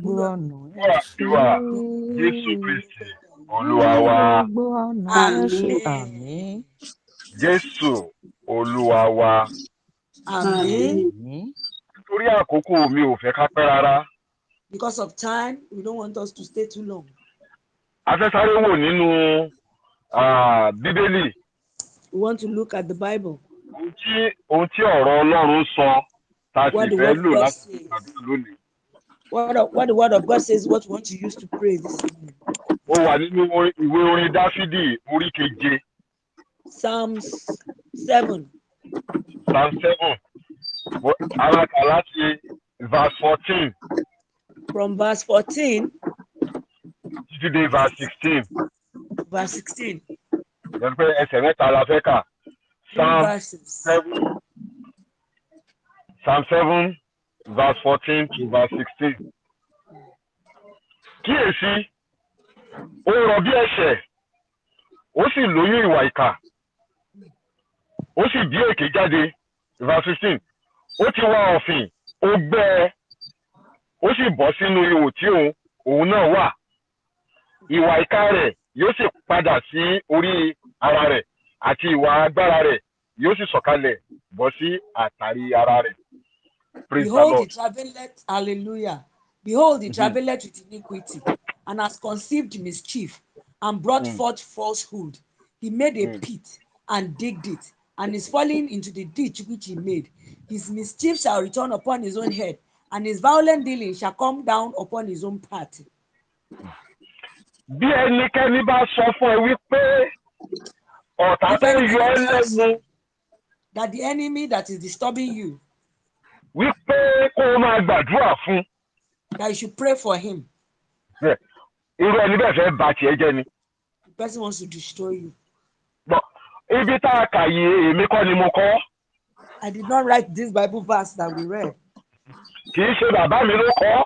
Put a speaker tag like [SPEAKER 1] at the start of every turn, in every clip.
[SPEAKER 1] gbogbo ọ̀nà ẹ
[SPEAKER 2] ṣe é Jésù Kristi Olúwa nítorí àkókò mi ò fẹ́ ká pẹ́ rárá.
[SPEAKER 1] because of time we don't want us to stay too long.
[SPEAKER 2] afẹ́sáré wò nínú
[SPEAKER 1] Bíbélì. we want to look at the Bible. ohun
[SPEAKER 2] tí ohun tí ọ̀rọ̀ Ọlọ́run sọ ta sì fẹ́ lò láti ṣàdúrà lónìí
[SPEAKER 1] what, what the word of God says, what we want to use to pray this evening.
[SPEAKER 2] Mo wà Psalms seven. Psalm seven. Alaka láti verse fourteen. From verse fourteen. Títí verse sixteen. Verse sixteen. Lọ́dún Psalm seven. Psalm seven verse 14 to verse 16. kíyèsí ó rọ bí ẹ̀ṣẹ̀ ó sì lóyún ìwà ìkà ó sì bí èké jáde verse 16. ó ti wá ọ̀fìn ó gbẹ ẹ ó sì bọ́ sínú ihò tí òun òun náà wà ìwà ìkà rẹ̀ yóò sì padà sí orí ara rẹ̀ àti ìwà agbára rẹ̀ yóò sì sọ̀kalẹ̀ bọ́ sí àtàrí ara rẹ̀. Praise Behold, the
[SPEAKER 1] traveleth, hallelujah. Behold, it mm-hmm. traveleth with iniquity and has conceived mischief and brought mm. forth falsehood. He made a mm. pit and digged it and is falling into the ditch which he made. His mischief shall return upon his own head and his violent dealing shall come down upon his own party.
[SPEAKER 2] Be a bá sọ fún ẹ
[SPEAKER 1] wípé That the enemy that is
[SPEAKER 2] disturbing you wípé kó o máa gbàdúrà fún. that you should pray for him. irú ẹni bẹ́ẹ̀ fẹ́ bà tiẹ̀ jẹ́ ni. the person wants to destroy you. but ibi tá a kà yìí èmi kọ́ ni mo kọ́.
[SPEAKER 1] I did not write this Bible verse that we read.
[SPEAKER 2] Kì í ṣe bàbá mi ló kọ́.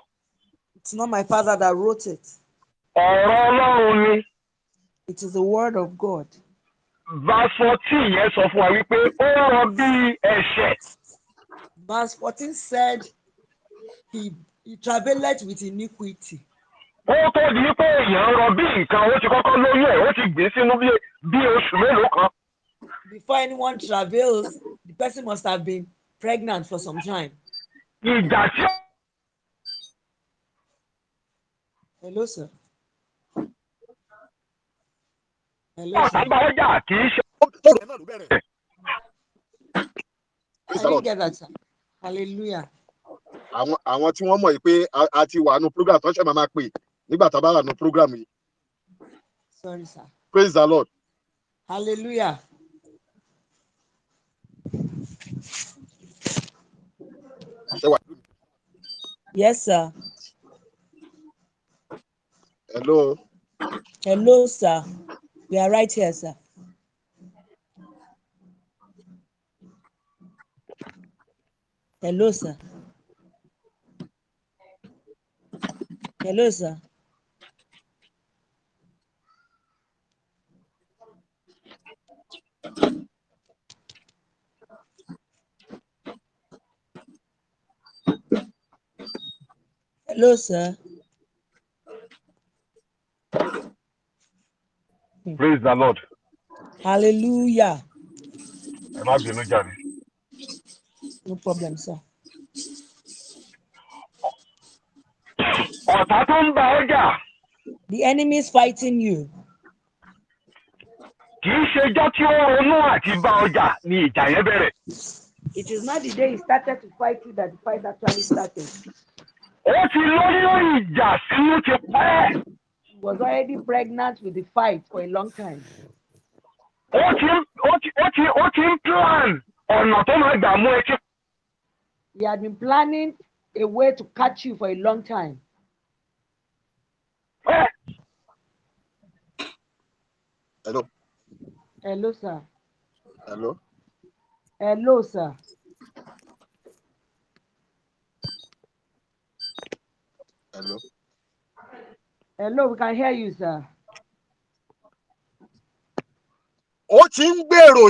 [SPEAKER 1] It's not my father that wrote it. Ọ̀rọ̀ Ọlọ́run ni. It is the word of God. Verse fourteen yẹn sọ fún wa wípé ó rọ bí ẹ̀ṣẹ̀. Verse 14 said, He, he travelled with iniquity.
[SPEAKER 2] Ó tó di pé èèyàn rọ bí nǹkan, ó ti kọ́kọ́ lóyún ẹ̀, ó ti gbé sínú bí oṣù mélòó kan.
[SPEAKER 1] Before anyone travels, the person must have been pregnant for some time. Ìgbà tí. Hello, sir.
[SPEAKER 2] Hello, sir. Ọ̀sán bá ọjà kì í ṣe.
[SPEAKER 1] I didn't get
[SPEAKER 2] that, sir hallelujah. àwọn àwọn tí wọ́n mọ̀ yìí pé a ti wà nù program tó ń ṣe máa máa pè nígbà tá a bá wà nù program yìí. sorry sir. praise the lord.
[SPEAKER 1] hallelujah. yes sir. hello. hello sir we are right here sir. Hello, sir. Hello, sir. Hello, sir. Praise the Lord. Hallelujah. No problem, sir. The enemy is fighting you. It is not the day he started to fight you that the fight actually started. Ó She was already pregnant with the fight for a long time.
[SPEAKER 2] Ó ti ó ti ó ti ó ti plan
[SPEAKER 1] he had been planning a way to catch you for a long time. Hello. Hello, sir. Hello. Hello, sir. Hello. Hello,
[SPEAKER 3] we can hear you, sir. Ó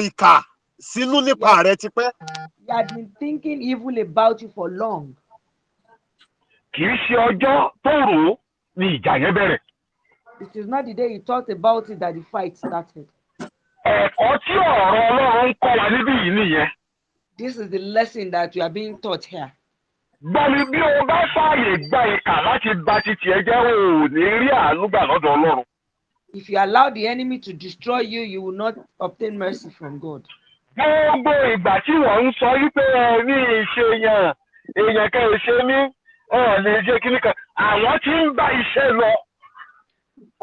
[SPEAKER 3] ìkà. sínú nípa rẹ tipẹ́. he
[SPEAKER 1] had been thinking evil about you for long.
[SPEAKER 2] kì í ṣe ọjọ́ tó rò ó ni ìjà yẹn bẹ̀rẹ̀.
[SPEAKER 1] it is not the day you talked about it that the fight started.
[SPEAKER 2] ẹ̀kọ́ tí ọ̀rọ̀ ọlọ́run ń kọ́ wa níbí yìí nìyẹn.
[SPEAKER 1] this is the lesson that you are being taught here.
[SPEAKER 2] gbọ́ni bí o bá fààyè gba ìkà láti bà ti tiẹ̀ jẹ́ o rí àánú lọ́dọ̀ ọlọ́run.
[SPEAKER 1] If you allow the enemy to destroy you, you will not obtain mercy from God gbogbo ìgbà tí wọ́n ń sọ wípé ẹ̀rí ìṣe yàn
[SPEAKER 2] èèyàn kan ìṣe mí ọ̀ọ̀lẹ̀ ìṣe kíní
[SPEAKER 1] kan àwọn tí ń bá iṣẹ́ lọ.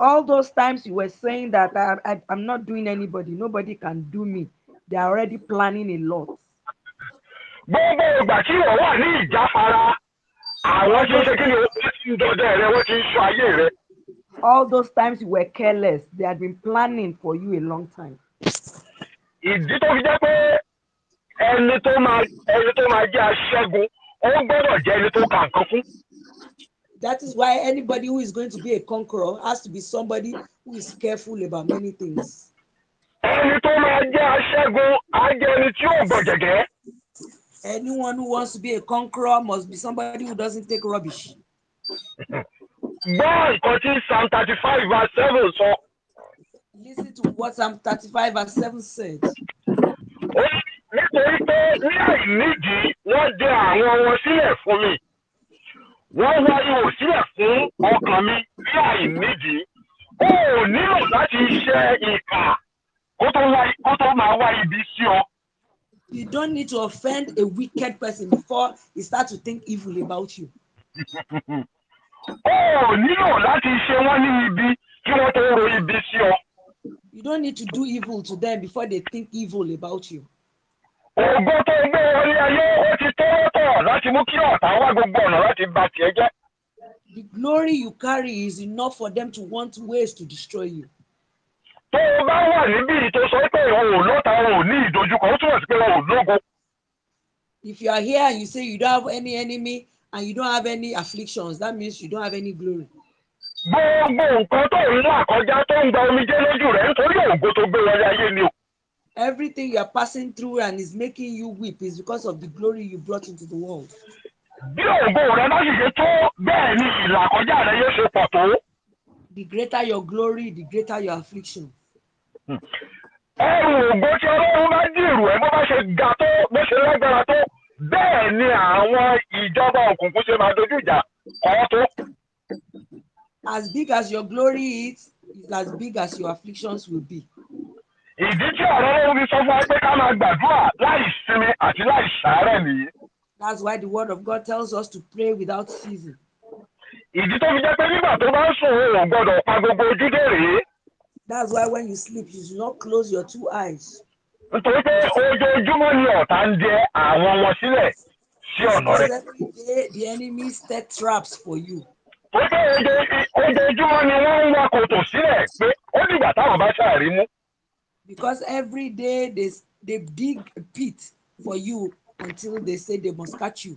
[SPEAKER 1] All those times you were saying that I, I, I'm not doing anybody, nobody can do me. They are already planning a lot.
[SPEAKER 2] Gbogbo ìgbà tí wọ́n wà ní ìjáfara, àwọn tí ṣe kí ni wọ́n ti ń dọdẹ rẹ, wọ́n ti ń sọ ayé rẹ.
[SPEAKER 1] All those times you were careless, they had been planning for you a long time
[SPEAKER 2] ìdí tó fi jẹ́ pé ẹni tó máa ẹni tó máa jẹ́ aṣẹ́gun ó gbọ́dọ̀ jẹ́ ẹni tó kà nǹkan fún. That
[SPEAKER 1] is why anybody who is going to be a conqueror has to be somebody who is careful about many things. Ẹni tó máa jẹ́ aṣẹ́gun á jẹ́ ẹni tí yóò gbọ̀jẹ̀gẹ́. Anyone who wants to be a conqueror must be somebody who doesn't take rubbish.
[SPEAKER 2] Gbọ́ nǹkan tí Psalm thirty-five verse seven sọ. So
[SPEAKER 1] listen to what Psalm thirty-five verse seven
[SPEAKER 2] nítorí pé ní àìnídìí wọ́n dè àwọn wọn sílẹ̀ fún mi wọ́n wá ihò sílẹ̀ fún ọkàn mi ní àìnídìí ó nílò láti ṣe ìkà kó tó máa wá ibi sí ọ. You don't need to offend
[SPEAKER 1] a wicked person before he start to think evil about you. Ó nílò láti ṣe wọ́n ní ibi kí wọ́n tó ro ibi sí ọ. You don't need to do evil to them before they think evil about you. Ògbó
[SPEAKER 2] tó gbé orí ayé ó ti tó tọ̀ láti mú kí ọ̀tá wá gbogbo ọ̀nà láti bà tiẹ̀ jẹ́.
[SPEAKER 1] The glory you carry is enough for them to want ways to destroy you.
[SPEAKER 2] Tó o bá wà níbí tó sọ pé o ò lọ́ta o ò ní ìdojúkọ, ó túmọ̀ sí pé o ò lógo.
[SPEAKER 1] If you are here and you say you don't have any enemy and you don't have any afflictions, that means you don't have any glory gbogbo nǹkan tó ń là kọjá tó ń gba omijé lójú rẹ̀ nítorí ògo tó gbé wọlé ayé ni o. Everything you are passing through and is making you weep is because of the glory you brought into the world. Bí ògo rẹ bá sì tó bẹ́ẹ̀ ni ìlàkọjá rẹ yóò ṣe pọ̀ tó. The greater your glory, the greater your affliction.
[SPEAKER 2] Ẹrù ògo tí Ọlọ́run bá dìrù ẹ̀ bó bá ṣe ga tó bó ṣe lágbára tó bẹ́ẹ̀ ni àwọn ìjọba òkùnkùn ṣe máa dojú ìjà kọ́ tó.
[SPEAKER 1] As big as your glory is, is as big as your afflictions will be.
[SPEAKER 2] Ìdí tí ọ̀rọ̀ Ọlọ́run fi sọ fún wa ká máa gbàdúrà láì sinmi àti láì sàárẹ̀ nìyí.
[SPEAKER 1] That's why the word of God tells us to pray without ceasing.
[SPEAKER 2] Ìdí tó fi jẹ́ pé nígbà tó bá ń sùn o gbọ́dọ̀ pa gbogbo ojú dé rèé.
[SPEAKER 1] That's why when you sleep, you should not close your two eyes. Nítorí pé ojoojúmọ́ ni ọ̀tá ń jẹ àwọn wọn sílẹ̀ sí ọ̀nà rẹ̀. the enemy set traps for you tó jẹ́ ojoojúmọ́ ni wọ́n ń wá kòtò sílẹ̀ pé ó dìgbà táwọn bá ṣàárí mú. because every day they they dig a pit for you until they say they must catch you.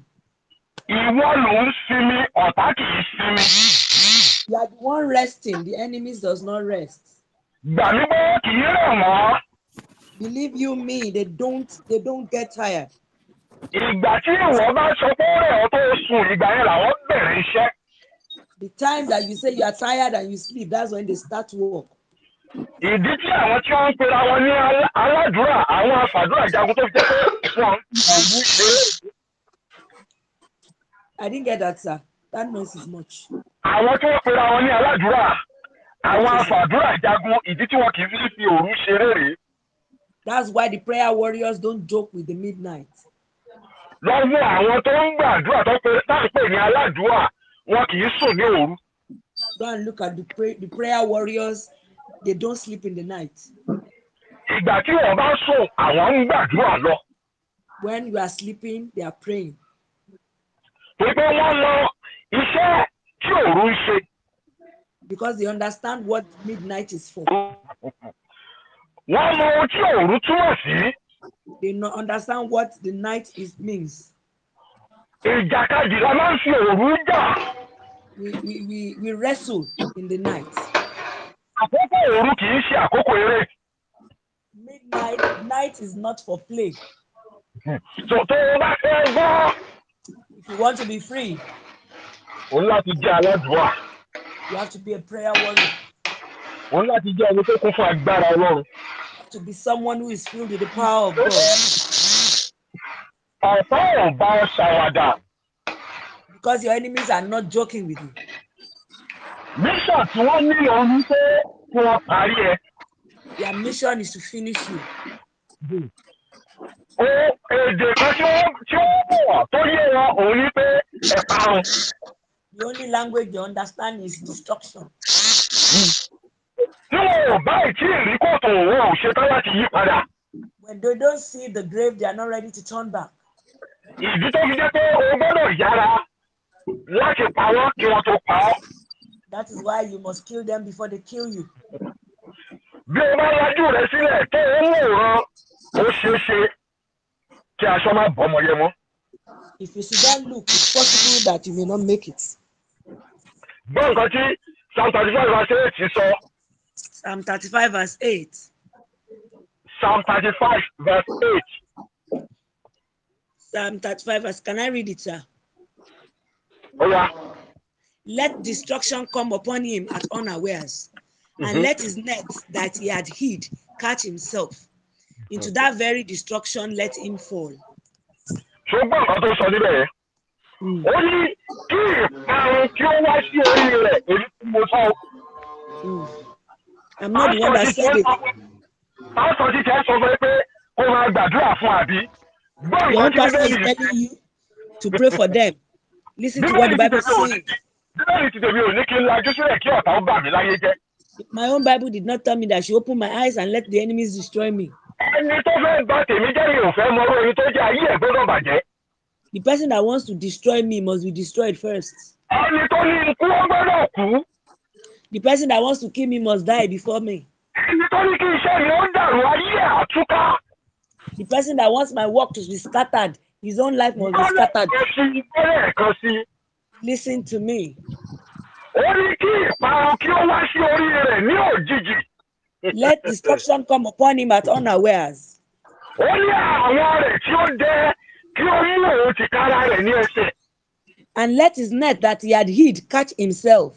[SPEAKER 1] ìwọ ló ń sinmi ọ̀tá kì í sinmi. you are the one resting the enemy does not rest.
[SPEAKER 2] gbàmígbó kì í rẹ̀ wọ́n.
[SPEAKER 1] believe you me they don't they don't get tired. ìgbà tí ìwọ bá sọ pé ó rẹ̀ ọ́ tó sùn ìgbà yẹn làwọn bẹ̀rẹ̀ iṣẹ́ the time that you say you are tired and you sleep that's when they start work.
[SPEAKER 2] ìdí tí àwọn tí wọ́n ń pera wọn ní aládùúrà àwọn afàdúrà jagun tó fi
[SPEAKER 1] jẹ́ pé wọ́n I didn't get that sir that noise is much.
[SPEAKER 2] àwọn tí wọ́n pera wọn ní aládùúrà àwọn afàdúrà jagun ìdí tí wọn kì í fi fi òru ṣeré rèé. that's
[SPEAKER 1] why the prayer warriors don't joke with the midnight.
[SPEAKER 2] lọ́wọ́ àwọn tó ń gbàdúrà tó ń pè ní aládùúrà wọn kì í sùn ní òru.
[SPEAKER 1] go and look at the, pray, the prayer warriors they don't sleep in the night. ìgbà tí wọn bá sùn àwọn ń gbàdúrà lọ. when you are sleeping they are praying.
[SPEAKER 2] pé pé wọ́n lọ
[SPEAKER 1] iṣẹ́ tí òru ń ṣe. because they understand what midnight is for.
[SPEAKER 2] wọ́n mọ ohun tí òru túmọ̀ sí.
[SPEAKER 1] they no understand what the night is means
[SPEAKER 2] ìjàkadì la máa ń fi òru
[SPEAKER 1] jà. we we we wrestle in the night. àkókò òru kì í ṣe àkókò eré. midnight night is not for play. so tó o bá fẹ́ gbọ́.
[SPEAKER 2] if you want to be free. o ní láti jẹ́ aládùúrà.
[SPEAKER 1] you have to be a prayer warrior.
[SPEAKER 2] o ní láti jẹ́ ẹni tó kún fún agbára Ọlọ́run.
[SPEAKER 1] to be someone who is filled with the power of God ọ̀tá bá ọ ṣàwàdà. because your enemies are not joking with you. mission
[SPEAKER 2] tí wọ́n ní òun pé kí wọ́n parí ẹ.
[SPEAKER 1] their mission is to finish you. o èdè kan tí wọ́n tí wọ́n
[SPEAKER 2] mọ̀ tó yé wọn òun ní pé ẹ parun.
[SPEAKER 1] the only language they understand is destruction.
[SPEAKER 2] tí wọn ò báyìí tí ìrí kòtò òun ò ṣetán láti yí padà.
[SPEAKER 1] when they don't see the grave they are not ready to turn back ìdí tó fi jẹ́ pé o gbọ́dọ̀ yára
[SPEAKER 2] láti pa wọ́n kí wọ́n tó pa ọ́.
[SPEAKER 1] That is why you must kill them before they kill you. bí o bá lajú rẹ sílẹ̀ tó o ń wòran ó
[SPEAKER 2] ṣeé ṣe kí aṣọ má bọ́ ọmọ yẹn mọ́.
[SPEAKER 1] If you see that look, it's possible that you may not make it. gbọ́ nǹkan tí Psalm thirty five verse eight
[SPEAKER 2] sọ. Psalm thirty five verse eight. Psalm thirty five verse eight.
[SPEAKER 1] Psalm um, 35 verse. Can I read it, sir? Oh, yeah. Let destruction come upon him at unawares, mm-hmm. and let his net that he had hid catch himself. Into that very destruction, let him fall.
[SPEAKER 2] ṣùgbọ́n nǹkan tó sọ níbẹ̀ yẹn hmm. ó ní Your own pastor is telling
[SPEAKER 1] you to pray for them. Listen to what the Bible says. My own Bible did not tell me that she opened my eyes and let the enemies destroy me. The person that wants to destroy me must be destroyed first. The person that wants to kill me must die before me the person that wants my work to be scattered his own life must be scattered. listen to me. let destruction come upon him at unawares. and let his net that he had hid catch himself.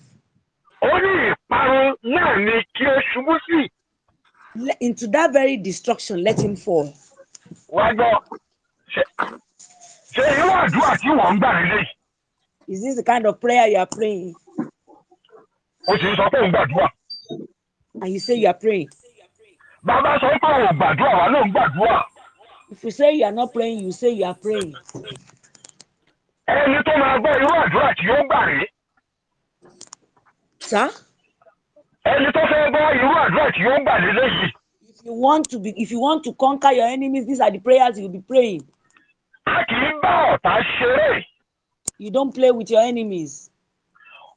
[SPEAKER 1] into that very destruction let him fall wá gbọ́ ṣe
[SPEAKER 2] irú àdúrà tí wọ́n ń gbà nílé
[SPEAKER 1] Is this the kind of prayer you are praying? o sì ń sọ pé òun gbàdúrà. And you say you are praying.
[SPEAKER 2] bàbá sọ pé òun gbàdúrà wà lóun
[SPEAKER 1] gbàdúrà. If you say you are not praying, you say you are praying.
[SPEAKER 3] ẹni tó máa gbọ́ irú àdúrà tí yóò gbà rèé.
[SPEAKER 2] sá. ẹni tó fẹ́ gbọ́ irú àdúrà tí yóò gbà lélẹ́yìí.
[SPEAKER 1] you want to be if you want to conquer your enemies these are the prayers you'll be praying you don't play with your enemies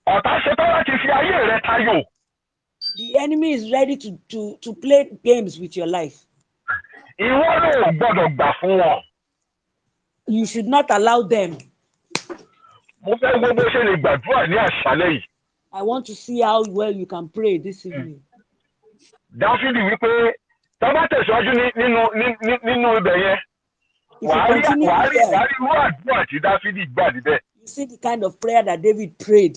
[SPEAKER 1] the enemy is ready to to to play games with your life you should not allow them i want to see how well you can pray this evening
[SPEAKER 2] dáfídì wípé tó tẹ̀síwájú nínú ibẹ̀ yẹn wàá rí irú
[SPEAKER 1] àdúrà tí dáfídì gbà níbẹ̀. you see the kind of prayer that david prayed.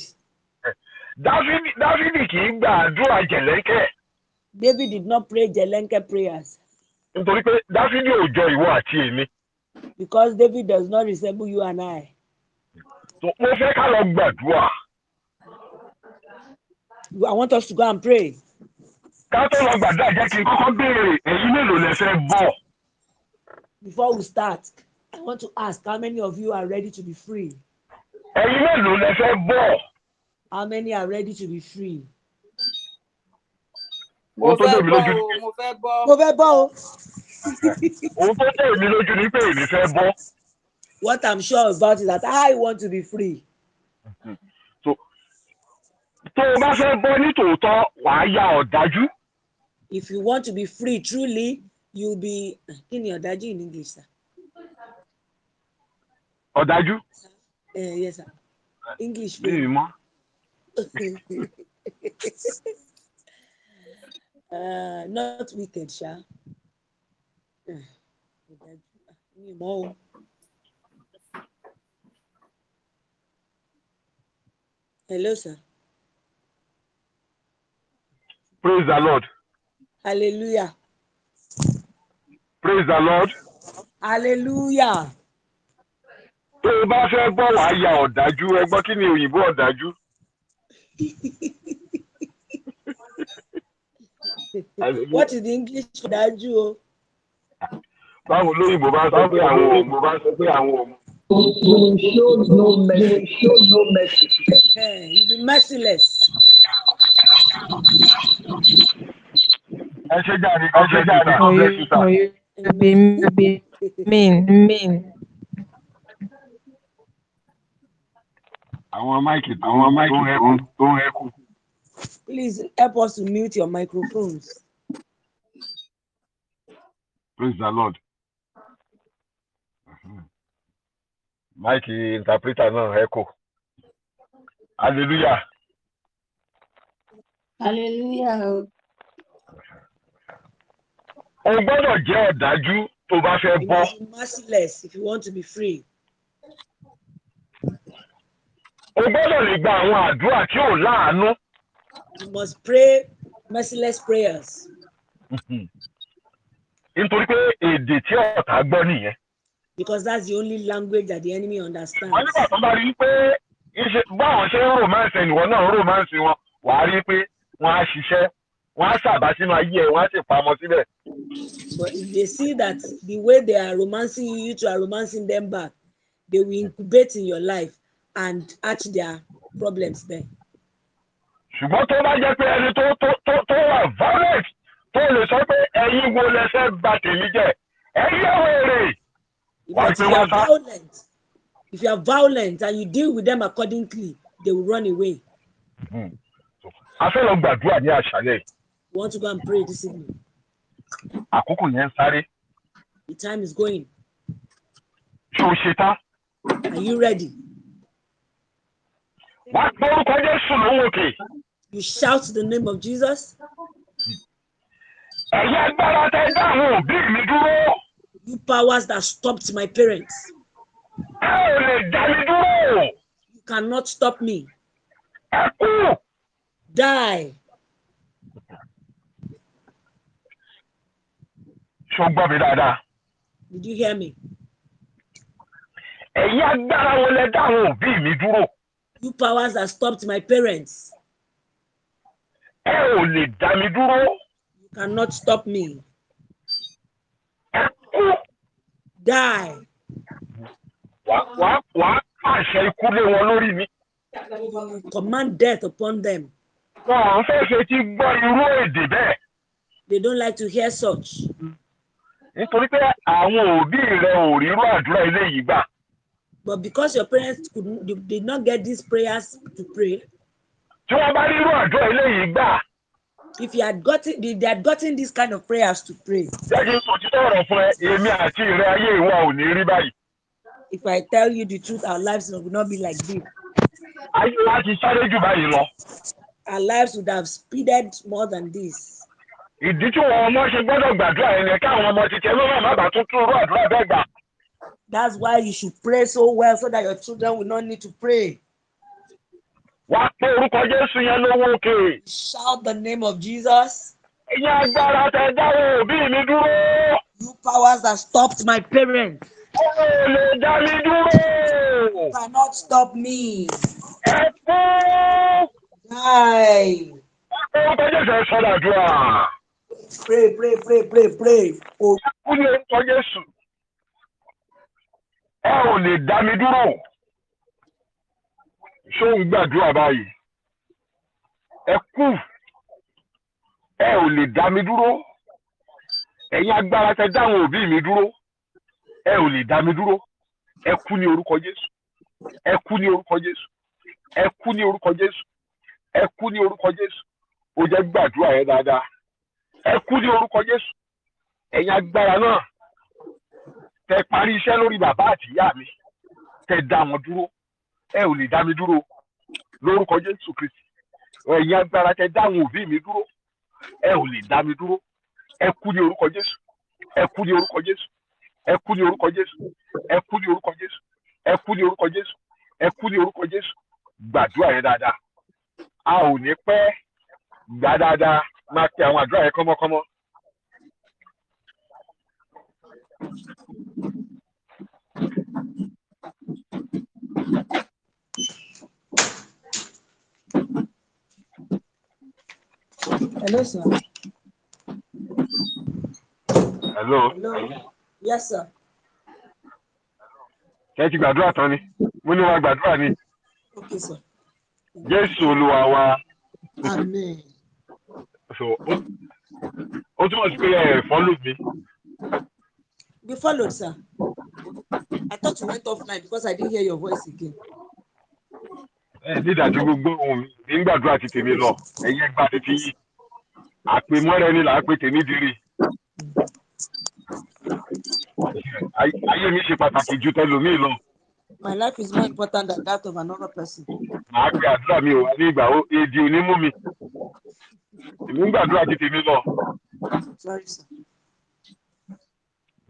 [SPEAKER 1] dáfídì dáfídì kì í gba àdúrà jẹ̀lẹ́ńkẹ́. david did not pray jẹ̀lẹ́ńkẹ́ prayers. nítorí pé dáfídì ò jọ ìwọ àti èmi. because david does not resemble you and i. so mo fẹ́ ká lọ gbàdúrà. I want us to go and pray
[SPEAKER 2] kátó lọ gbàdúrà jẹ́ kí n kọ́kọ́ béèrè èyí mélòó lẹ fẹ́ bọ̀.
[SPEAKER 1] before we start i want to ask how many of you are ready to be free. èyí mélòó lẹ fẹ́ bọ̀. how many are ready to be free. mo fẹ́ bọ́ o mo fẹ́ bọ́. mo fẹ́ bọ́ o.
[SPEAKER 2] òun tó tẹ̀ mí lójú ni pé èmi fẹ́ bọ́.
[SPEAKER 1] what i'm sure about is that i want to be free.
[SPEAKER 2] Mm so tó o bá fẹ́ bọ́ nítòótọ́ wàá ya ọ̀dájú.
[SPEAKER 1] if you want to be free truly you'll be In your ọ̀dájú in english sir. ọ̀dájú. Uh, eh, yes sir english. bí uh, not wicked sir. Eh, ah, mi mọ hello sir.
[SPEAKER 2] praise the lord.
[SPEAKER 1] Hallelujah.
[SPEAKER 2] Praise the Lord.
[SPEAKER 1] Hallelujah.
[SPEAKER 2] Tó o bá fẹ́ gbọ́ wàá ya ọ̀dájú ẹ gbọ́ kí ni òyìnbó ọ̀dájú. What is
[SPEAKER 1] the English
[SPEAKER 3] ọ̀dájú o? Báwo lóyìnbó bá sọ pé àwọn òmò bá sọ pé àwọn òmò. You show no mercy. You show no mercy.
[SPEAKER 1] You be merciless.
[SPEAKER 2] I'm I'm
[SPEAKER 1] ẹ ṣe mean, mean.
[SPEAKER 2] I want ọbẹ sísà. àwọn máìkì àwọn máìkì tó ń ẹkú.
[SPEAKER 1] please help us to mute your microphones.
[SPEAKER 2] praise the lord. máìkì mm-hmm. interpreter no echo. hallelujah.
[SPEAKER 3] hallelujah.
[SPEAKER 2] o gbọ́dọ̀ jẹ́ ọ̀dájú tó bá fẹ́ bọ́.
[SPEAKER 1] be merciless if you want to be free.
[SPEAKER 2] o gbọ́dọ̀ lè gba àwọn àdúrà tí ò láàánú.
[SPEAKER 1] you must pray merciless prayers.
[SPEAKER 2] nítorí pé èdè tí ọ̀tá gbọ́ nìyẹn.
[SPEAKER 1] because that's the only language
[SPEAKER 2] that the enemy understands. wọ́n nígbà tó bá rí i pé báwọn ṣe ń romance ẹnìwọ̀n náà ń romance wọn wàá rí i pé wọ́n á ṣiṣẹ́ wọ́n á ṣàbá sínú ayé ẹ̀ wọ́n á sì pamọ́ síbẹ̀. but
[SPEAKER 1] if they see that the way they are romancing you you are romancing them back they will incubate in your life and hatch their problems there.
[SPEAKER 2] ṣùgbọ́n tó bá jẹ́ pé ẹni tó tó tó tó wà violent tó lè sọ pé ẹ̀yin wo lẹsẹ̀ bà tèmi jẹ́ ẹ̀yin wèrè. if you are violent
[SPEAKER 1] if you are violent and you deal with them accordingly they will run away.
[SPEAKER 2] Hmm. a fẹ́ lọ gbàdúrà ní àṣálẹ̀ want to go and pray this evening. The time is going. Are
[SPEAKER 1] you ready? You shout the name of Jesus. You powers that stopped my parents.
[SPEAKER 2] You
[SPEAKER 1] cannot stop me. Die. ṣó gbọ́ mi dáadáa. did you hear me. ẹ̀yin agbára wo lẹ dá àwọn òbí mi dúró. you powers have stopped my parents. ẹ ò lè dá mi dúró. you cannot stop me. ẹ kú. die. wà wà wà ikú lé wọn lórí mi. command death upon them. wọn fẹ́ ṣe ti gbọ́ irú èdè bẹ́ẹ̀. they don't like to hear such. Mm -hmm nítorí pé àwọn òbí rẹ ò rírú àdúrà eléyìí gbà. but because your parents could, did not get these prayers to pray.
[SPEAKER 2] tí wọ́n bá rírú àdúrà eléyìí gbà.
[SPEAKER 1] if you had gotten if they had gotten these kind of prayers to pray.
[SPEAKER 2] jẹ́kí sòtítọ́ ọ̀rọ̀ fún ẹ èmi àti ìrẹ́ ayé ìwà ò ní rí báyìí.
[SPEAKER 1] if i tell you the truth our lives would not be like this. ayé wa ti sáré jù báyìí lọ. our lives would have speeded more than this
[SPEAKER 2] ìdí tí wọn ọmọ ṣe gbọ́dọ̀ gbàdúrà yẹn yẹn káwọn ọmọ ti tẹló náà má bàa tún tún irú àdúrà bẹ́ẹ̀ gbà.
[SPEAKER 1] that's why you should pray so well so that your children will not need to pray.
[SPEAKER 2] wá pé orúkọ jésù yẹn lówó òkè.
[SPEAKER 1] shout the name of jesus. ẹ̀yin agbára tẹ dáwọ́ òbí mi dúró. you powers that stopped my parents. ó lè dá mi dúró. you cannot stop me. ẹ kú.
[SPEAKER 3] die.
[SPEAKER 2] orúkọ jésù ẹ sọ́dọ̀ àdúrà
[SPEAKER 3] pray pray pray
[SPEAKER 2] pray pray. kú ní orúkọ Jésù ẹ ò lè dá mi dúró ṣó ń gbàdúrà báyìí ẹ kú ẹ ò lè dá mi dúró ẹ̀yin agbára tẹ dáhùn òbí mi dúró ẹ ò lè dá mi dúró ẹ kú ní orúkọ Jésù ẹ kú ní orúkọ Jésù ẹ kú ní orúkọ Jésù ẹ kú ní orúkọ Jésù ó jẹ́ gbàdúrà yẹn dáadáa ẹ kú ní orúkọ Jésù ẹ̀yin agbára náà tẹ parí iṣẹ́ lórí bàbá àti ìyá mi tẹ dá wọn dúró ẹ ò lè dá mi dúró lórúkọ Jésù Kristi ẹ̀yin agbára tẹ dá àwọn òbí mi dúró ẹ ò lè dá mi dúró ẹ kú ní orúkọ Jésù ẹ kú ní orúkọ Jésù ẹ kú ní orúkọ Jésù ẹ kú ní orúkọ Jésù ẹ kú ní orúkọ Jésù ẹ kú ní orúkọ Jésù gbàdúrà yẹn dáadáa a ò ní pẹ́ gbà dáadáa máa pe àwọn àdúrà yẹn kọ́mọ́kọ́mọ́. Hello, sir. Hello. Hello. Yes, sir. Ẹ ti gbàdúrà tán ni. Mo ní wa gbàdúrà ni. Okay, sir. Jésù Olúwa wa. Amen so ó túmọ̀ sí pé ẹ follow me.
[SPEAKER 1] we followed sir i thought you went offline because i didn't hear your voice again.
[SPEAKER 2] ẹ nídàájú gbogbo ohun mi nígbàdúrà ti tèmi lọ ẹyẹ gba ti fi yí àpè mọ́ra ẹni là á pè tèmi dìrì. ayé mi ṣe pàtàkì ju tẹlòmíì lọ.
[SPEAKER 1] My life is more important than that of another person.
[SPEAKER 2] Màá pe àdúrà mi ò wá ní ìgbà ó èdè onímú mi nígbàdúrà ti tèmi lọ.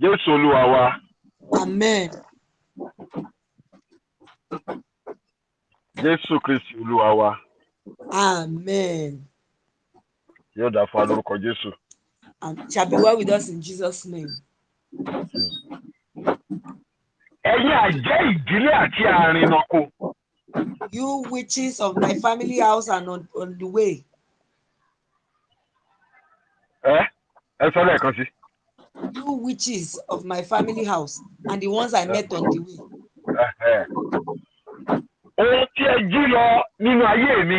[SPEAKER 2] Jésù Olúwa wa. Amen. Jésù Kristi Olúwa wa.
[SPEAKER 1] Amen.
[SPEAKER 2] Yóò dà fún wa lórúkọ Jésù.
[SPEAKER 1] Shall be with us in Jesus' name.
[SPEAKER 2] Ẹ̀yin àjẹ́ ìdílé àti àárín ọkọ.
[SPEAKER 1] You witches of my family house and on, on the way
[SPEAKER 2] ẹ eh? ẹ sọ lẹ́ẹ̀kan sí.
[SPEAKER 1] you witches of my family house and the ones I met on the way. ohun tí ẹ jí lọ nínú ayé mi.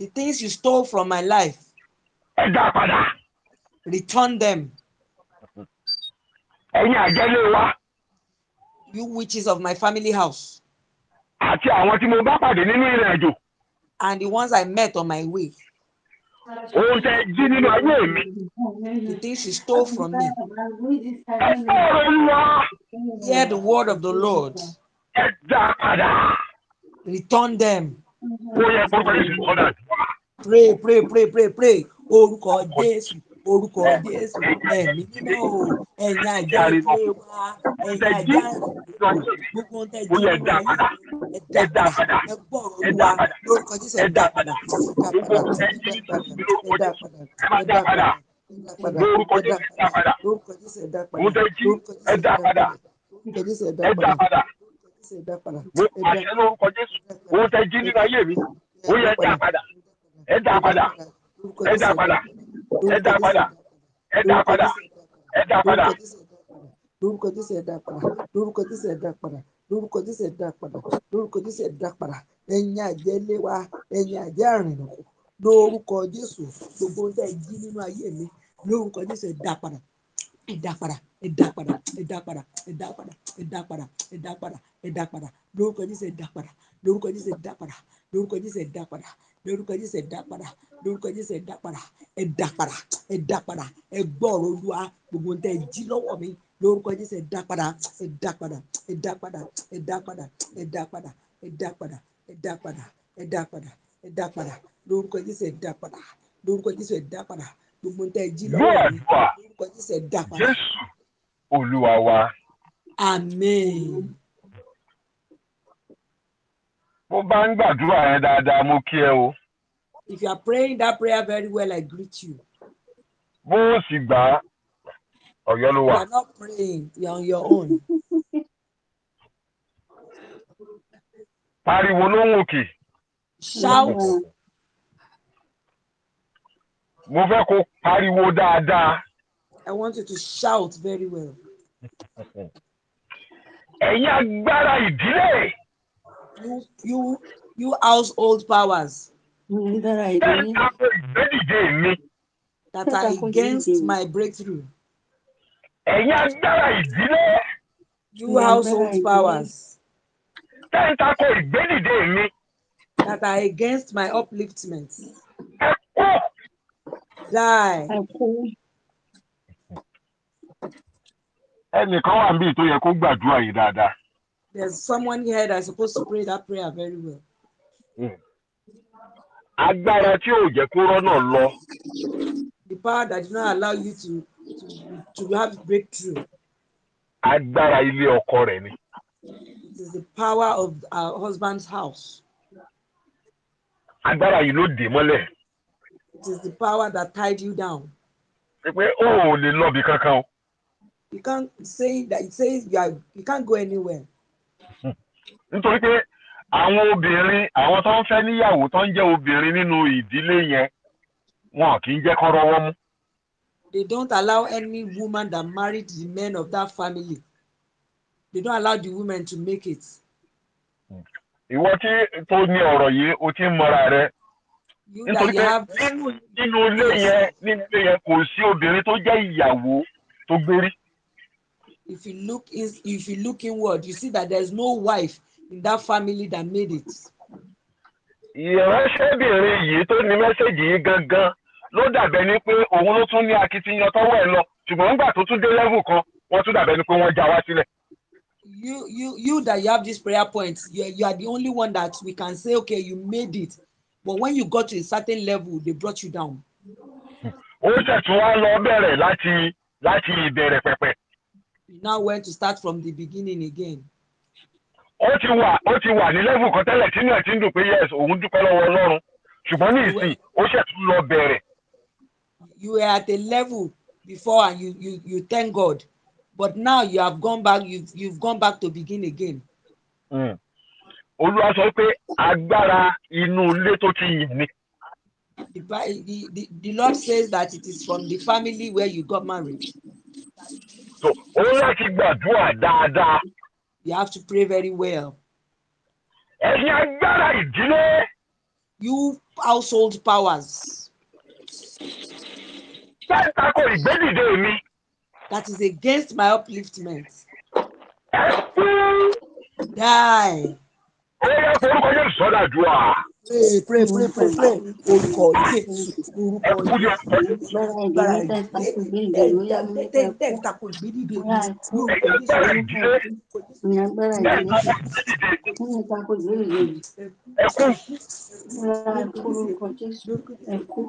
[SPEAKER 1] the things you stole from my life.
[SPEAKER 2] ẹ dá padà.
[SPEAKER 1] return them. ẹ̀yin àjẹlé wa. you witches of
[SPEAKER 2] my family house. àti àwọn tí mo bá pàdé nínú ìrìn àjò. and
[SPEAKER 1] the ones I met on my way. Ohun tẹ The things he stole from me. Hear the word of the Lord. Return them. Pray, Pray pray pray pray Oh, God, Jesus. orúkọ jésù
[SPEAKER 3] ẹ̀mí nínú ẹ̀yìn àjà ìpè wa ẹ̀yìn àjà gbogbo ń tẹ̀jú ẹ̀dá padà ẹ̀dá padà ẹ̀dá padà lórúkọ jésù ẹ̀dá padà gbogbo ń tẹ̀jú ẹ̀dá padà ẹ̀dá padà lórúkọ jésù
[SPEAKER 2] ẹ̀dá padà lórúkọ jésù ẹ̀dá padà lórúkọ jésù ẹ̀dá padà lórúkọ jésù ẹ̀dá padà mo pàṣẹ lórúkọ jésù òun tẹ jí nínú ayé mi ó yẹ ẹ̀dá padà ẹ̀dá padà ẹ̀dá padà ẹ dá padà ẹ dá padà ẹ dá padà.
[SPEAKER 1] lórúkọ jésù ẹ dá padà lórúkọ jésù ẹ dá padà lórúkọ jésù ẹ dá padà lórúkọ jésù ẹ dá padà ẹ̀yin àjẹ́ léwa ẹ̀yin àjẹ́ àrìnàkò lórúkọ jésù gbogbo ohun tẹ́ ẹ jí nínú ayé mi lórúkọ jésù ẹ dá padà ẹ dá padà ẹ dá padà ẹ dá padà ẹ dá padà ẹ dá padà ẹ dá padà ẹ dá padà lórúkọ jésù ẹ dá padà lórúkọ jésù ẹ dá padà lórúkọ jésù ẹ dá padà lórúkọ jésù ẹ̀dá padà lórúkọ jésù ẹ̀dá padà ẹ̀dá padà ẹ̀dá padà ẹgbọ́ ọ̀rọ̀ olúwa gbogbo ń tẹ́ ẹ jí lọ́wọ́ mi lórúkọ jésù ẹ̀dá padà ẹ̀dá padà ẹ̀dá padà ẹ̀dá padà ẹ̀dá padà ẹ̀dá padà ẹ̀dá padà ẹ̀dá padà ẹ̀dá padà lórúkọ jésù ẹ̀dá padà lórúkọ jésù ẹ̀dá padà gbogbo ń tẹ́ ẹ jí lọ́wọ́ mi lórúkọ jésù ẹ̀dá padà. jésù
[SPEAKER 2] olúwa wa.
[SPEAKER 1] amen
[SPEAKER 2] tó bá ń gbàdúrà yẹn dáadáa mo kí ẹ o.
[SPEAKER 1] if you are praying that prayer very well i greet you.
[SPEAKER 2] bó o sì gbà á ọ̀yọ́ ló wà. you are not
[SPEAKER 1] praying you are on your own.
[SPEAKER 2] pariwo lóhùn òkè. shout. mo fẹ́ kó pariwo dáadáa.
[SPEAKER 1] i want you to shout very well.
[SPEAKER 2] ẹ̀yin agbára ìdílé
[SPEAKER 1] you you you household powers. that are against my breakthrough.
[SPEAKER 2] ẹ̀yin agbára ìdílé. you household
[SPEAKER 1] powers. that are against my upliftment. ẹ die.
[SPEAKER 2] ẹ kú. wà níbi tó yẹ kó gbàdúrà yìí dáadáa
[SPEAKER 1] there's someone here that is supposed to pray that prayer very well.
[SPEAKER 2] Hmm. agbára tí ò jẹ́ kó rọ́nà lọ.
[SPEAKER 1] the power that did not allow you to to to have breakthrough.
[SPEAKER 2] agbára ilé ọkọ rẹ ni.
[SPEAKER 1] it is the power of our husband's house.
[SPEAKER 2] agbára yìí ló dè mọ́lẹ̀.
[SPEAKER 1] it is the power that tied you down. pé o ò lè lọ bí kankan o. you can't say that you say you, are, you can't go anywhere
[SPEAKER 2] nítorí pé àwọn obìnrin àwọn tó ń fẹ́ níyàwó tó ń jẹ́ obìnrin nínú ìdílé yẹn wọn kì í jẹ́ kọ́ rọ́wọ́ mú.
[SPEAKER 1] they don't allow any woman that married the men of that family they don't allow the women to make
[SPEAKER 2] it. ìwọ tí tó ní ọ̀rọ̀ yìí o ti ń mọra rẹ nítorí pé nínú ilé yẹn nínú ilé yẹn kò sí obìnrin tó jẹ́ ìyàwó tó gbérí
[SPEAKER 1] if you look is if you look inward you see that there's no wife in that family that made it.
[SPEAKER 2] ìránṣẹ́bìnrin yìí tó ní mẹ́sẹ̀gì yìí gangan ló dàbẹ́ ni pé òun ló tún ní akitiyan tọ́wọ́ ẹ̀ lọ ṣùgbọ́n nígbà tó tún dé level kan wọ́n tún dàbẹ́ ni pé wọ́n já wá sílẹ̀.
[SPEAKER 1] You, you, you that you have this prayer point, you, you are the only one that we can say, okay, you made it. But when you got to a certain level, they brought you down you now went to start from the beginning again.
[SPEAKER 2] ó ti wà ó ti wà ní level kan tẹ́lẹ̀ tí náà ti ń dùn pé yes òun dúpẹ́ lọ́wọ́ ọlọ́run ṣùgbọ́n ní ìsìn ó ṣẹ̀tún lọ bẹ̀rẹ̀.
[SPEAKER 1] you were at a level before and you you you thank God but now you have gone back you you've gone back to begin again.
[SPEAKER 2] Hmm. Olúwa sọ pé agbára inú ilé tó ti yìn ni.
[SPEAKER 1] The, the, the Lord says that it is from the family where you got married
[SPEAKER 2] ó ní láti gbàdúrà dáadáa.
[SPEAKER 1] You have to pray very well.
[SPEAKER 2] Ẹ̀yin agbára ìdílé.
[SPEAKER 1] You household powers. Sẹ́ńtà kò ìgbédìde mi. That is against my upliftment. Ẹ
[SPEAKER 2] kú. Die. Ó yẹ forúkọ Jésù sọ́dà dùn à
[SPEAKER 1] pray pray pray pray orúkọ jésù orúkọ jésù lọ́wọ́ agbára yìí tẹ́ tẹ́ tako ìgbédìde orúkọ jésù ní agbára yìí ní tako ìgbédìde ẹkú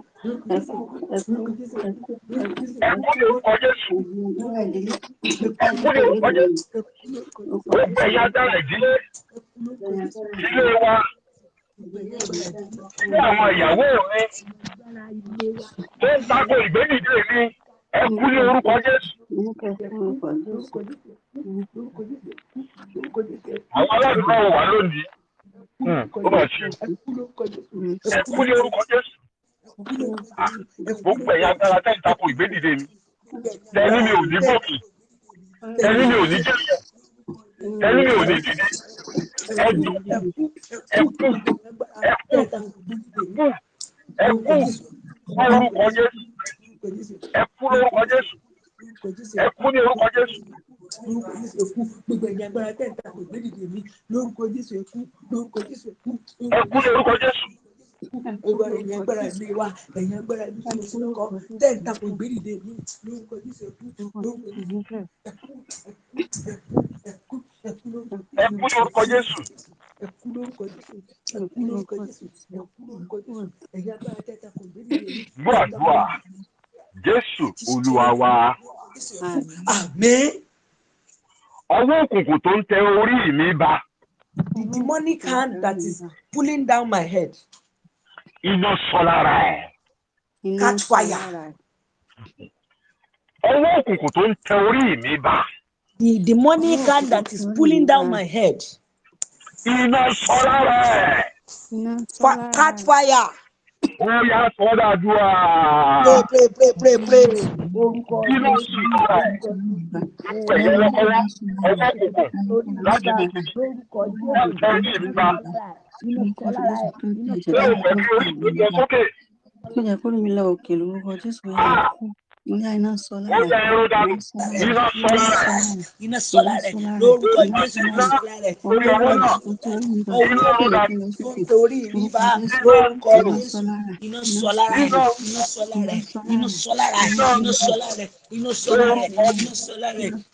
[SPEAKER 3] orúkọ
[SPEAKER 1] Ṣé àwọn ìyàwó mi
[SPEAKER 3] tó ń tako ìgbédìde mi
[SPEAKER 1] ẹ kú ní orúkọ Jésù?
[SPEAKER 2] Àwọn aláàbò náà wà lónìí. Hmm, ó bá
[SPEAKER 3] ṣe ẹ kú ní orúkọ
[SPEAKER 2] Jésù. Ah, gbogbo ẹ̀yà agbára tẹ́ ń tako ìgbédìde mi. Tẹ́ni mi ò ní gòkè. Tẹ́ni mi ò ní jẹ́rìí ẹni mi ò ní dìde ẹdù
[SPEAKER 3] ẹkú ẹkú
[SPEAKER 1] ẹkú lórúkọ Jésù ẹkú lórúkọ Jésù ẹkú ní orúkọ Jésù lórúkọ Jésù ẹkú gbogbo ẹ̀yìn agbára tẹ̀ta kò gbé dìde mi lórúkọ Jésù ẹkú lórúkọ Jésù ẹkú. ẹkú ní orúkọ Jésù olúwa ẹ̀yìn agbára mi wá ẹ̀yìn agbára mi fún fún kọ́ tẹ́ ń takò ìgbédìde mi lórúkọ jésù ẹ̀kú lórúkọ jésù ẹ̀kú ẹ̀kú lórúkọ jésù ẹ̀kú lórúkọ jésù ẹ̀kú lórúkọ jésù ẹ̀kú lórúkọ jésù
[SPEAKER 3] ẹ̀yìn agbára tẹ́ takò
[SPEAKER 2] ìgbédìde mi. jésù olúwa wa. ọwọ́ òkùnkùn tó ń tẹ orí mi ba.
[SPEAKER 1] The demonic hand that is pulling down my head
[SPEAKER 2] iná sọ lára ẹ̀. catch fire. ọwọ́ òkùnkùn tó ń tẹ orí mi bá.
[SPEAKER 1] the the money card that is pulling down my head.
[SPEAKER 2] iná sọ lára ẹ̀.
[SPEAKER 1] catch fire.
[SPEAKER 2] ó yá sọ́dà dúà.
[SPEAKER 3] pray pray pray pray pray. iná sọ lára ọwọ́ òkùnkùn láti lè kejì. ó ń tẹ Ó
[SPEAKER 1] jẹ́ kó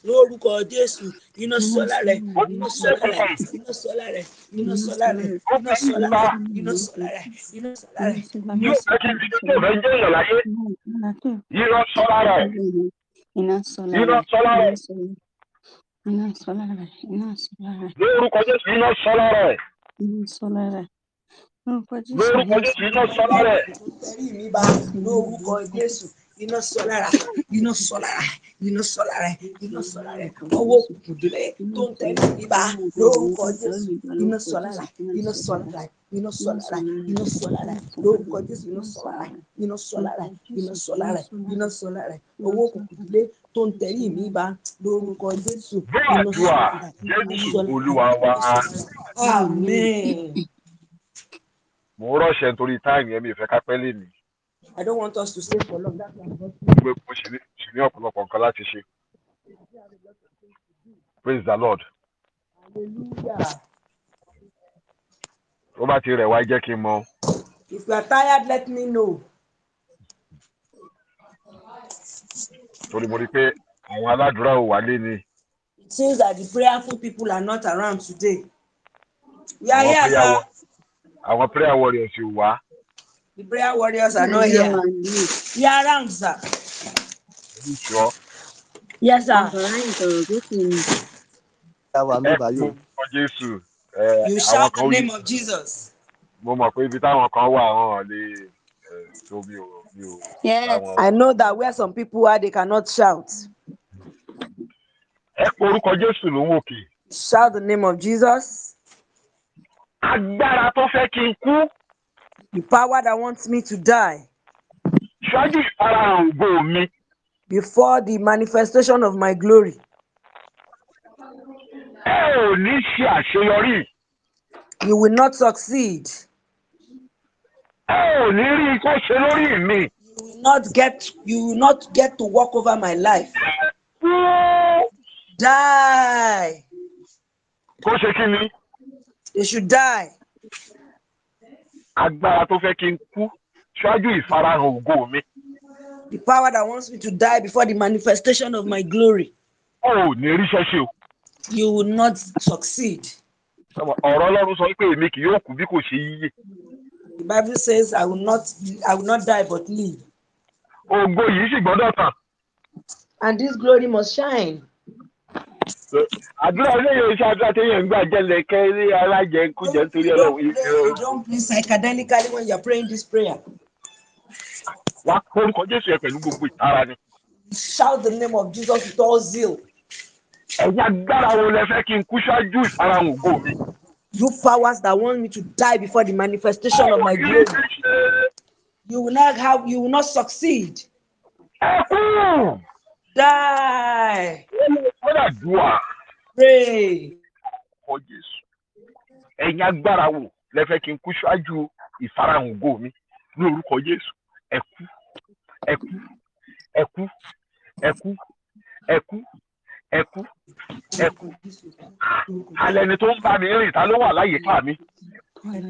[SPEAKER 1] Lórúkọ Jésù iná sọlá rẹ iná sọlá rẹ iná sọlá rẹ iná sọlá rẹ iná sọlá rẹ
[SPEAKER 3] iná sọlá rẹ iná sọlá rẹ. yóò fẹ́ kí fídíò rẹ jẹ́ èèyàn láyé iná sọlá rẹ iná sọlá rẹ iná sọlá rẹ iná sọlá rẹ iná sọlá rẹ. lórúkọ
[SPEAKER 1] jésù iná sọlá rẹ. iná sọlá rẹ lórúkọ jésù iná sọlá rẹ. lórúkọ jésù iná sọlá rẹ. lórúkọ jésù iná sọ lára iná sọ lára iná sọ lára iná sọ lára ọwọ́ òkùnkùn délẹ̀ tó ń tẹ̀lé ibà lórúkọ Jésù iná sọ lára iná sọ lára iná sọ lára iná sọ lára lórúkọ Jésù iná sọ lára iná sọ lára iná sọ lára iná sọ lára ọwọ́ òkùnkùn délẹ̀ tó ń tẹ̀lé mi ibà lórúkọ Jésù iná sọ lára iná amen.
[SPEAKER 2] mo rọ̀ṣẹ̀ nítorí táìmù yẹn mi ìfẹ́ kápẹ́ lè nìí.
[SPEAKER 1] I don't want us to stay for long. That's why I'm to.
[SPEAKER 2] Ṣì ní ọ̀pọ̀lọpọ̀ nǹkan Praise the Lord.
[SPEAKER 1] Hallelujah.
[SPEAKER 2] Ó bá ti rẹ̀ wá jẹ́ kí
[SPEAKER 1] If you are tired, let me know. Torí mo It seems that the prayerful people are not around today.
[SPEAKER 2] We are here. Àwọn prayer warriors you are.
[SPEAKER 1] The prayer warriors are not here. You are around, sir. You sure? Yes, sir. You
[SPEAKER 2] eh, shout the name of Jesus. Mo mọ̀ pé ibi táwọn kan wà hàn lè eh, tó bí o. Yes, I know
[SPEAKER 1] that where some people are, they cannot shout. Ẹ
[SPEAKER 2] pe orúkọ Jésù ló ń wòkè.
[SPEAKER 1] Shout the name of Jesus. Agbára tó fẹ́ kí n kú. The power that wants me to die. Before the manifestation of my glory. You will not succeed. You will not get you will not get to walk over my life.
[SPEAKER 2] Die. Kó They should die agbára tó fẹ́ kí n kú
[SPEAKER 1] ṣáájú ìfarahàn ògo mi. the power that wants me to die before the manifestation of my glory. o ò ní ríṣẹ́ ṣe o. you will not succeed.
[SPEAKER 2] ọ̀rọ̀ ọlọ́run sọ pé èmi kì yóò kú bí kò ṣe yíyè.
[SPEAKER 1] the bible says i will not
[SPEAKER 2] i will not die but live. ògo yìí sì gbọ́dọ̀ tàn.
[SPEAKER 1] and this glory must shine
[SPEAKER 2] àdúrà olóyè iṣẹ́ àdúrà téèyàn ń gbà jẹ́lẹ̀ kẹ́rí alájẹ kújẹ nítorí ọlọ́run yìí. don't
[SPEAKER 1] pray psychedelically when you praying this prayer.
[SPEAKER 2] wà á kórúkọ jésù ẹ pẹ̀lú gbogbo ìtara ni.
[SPEAKER 1] shout the name of jesus with all zeal. ẹ̀yà agbára wo lẹ fẹ́ kí n kú ṣáájú ìtara òun kò mi. you powers that want me to die before the manifestation of my glory. you will not have you will not succeed. ẹ kú die.
[SPEAKER 2] wọ́n dà dùà. pray. ọkọ jésù ẹ̀yin agbára wo lẹ́fẹ̀ẹ́ kí n kú ṣáájú ìfarahàn ògo mi ní orúkọ jésù ẹ kú ẹ kú ẹ kú ẹ kú ẹ kú ẹ kú ẹ kú alẹ́ ni tó ń bá mi rìn ta ló wà láyìíká mi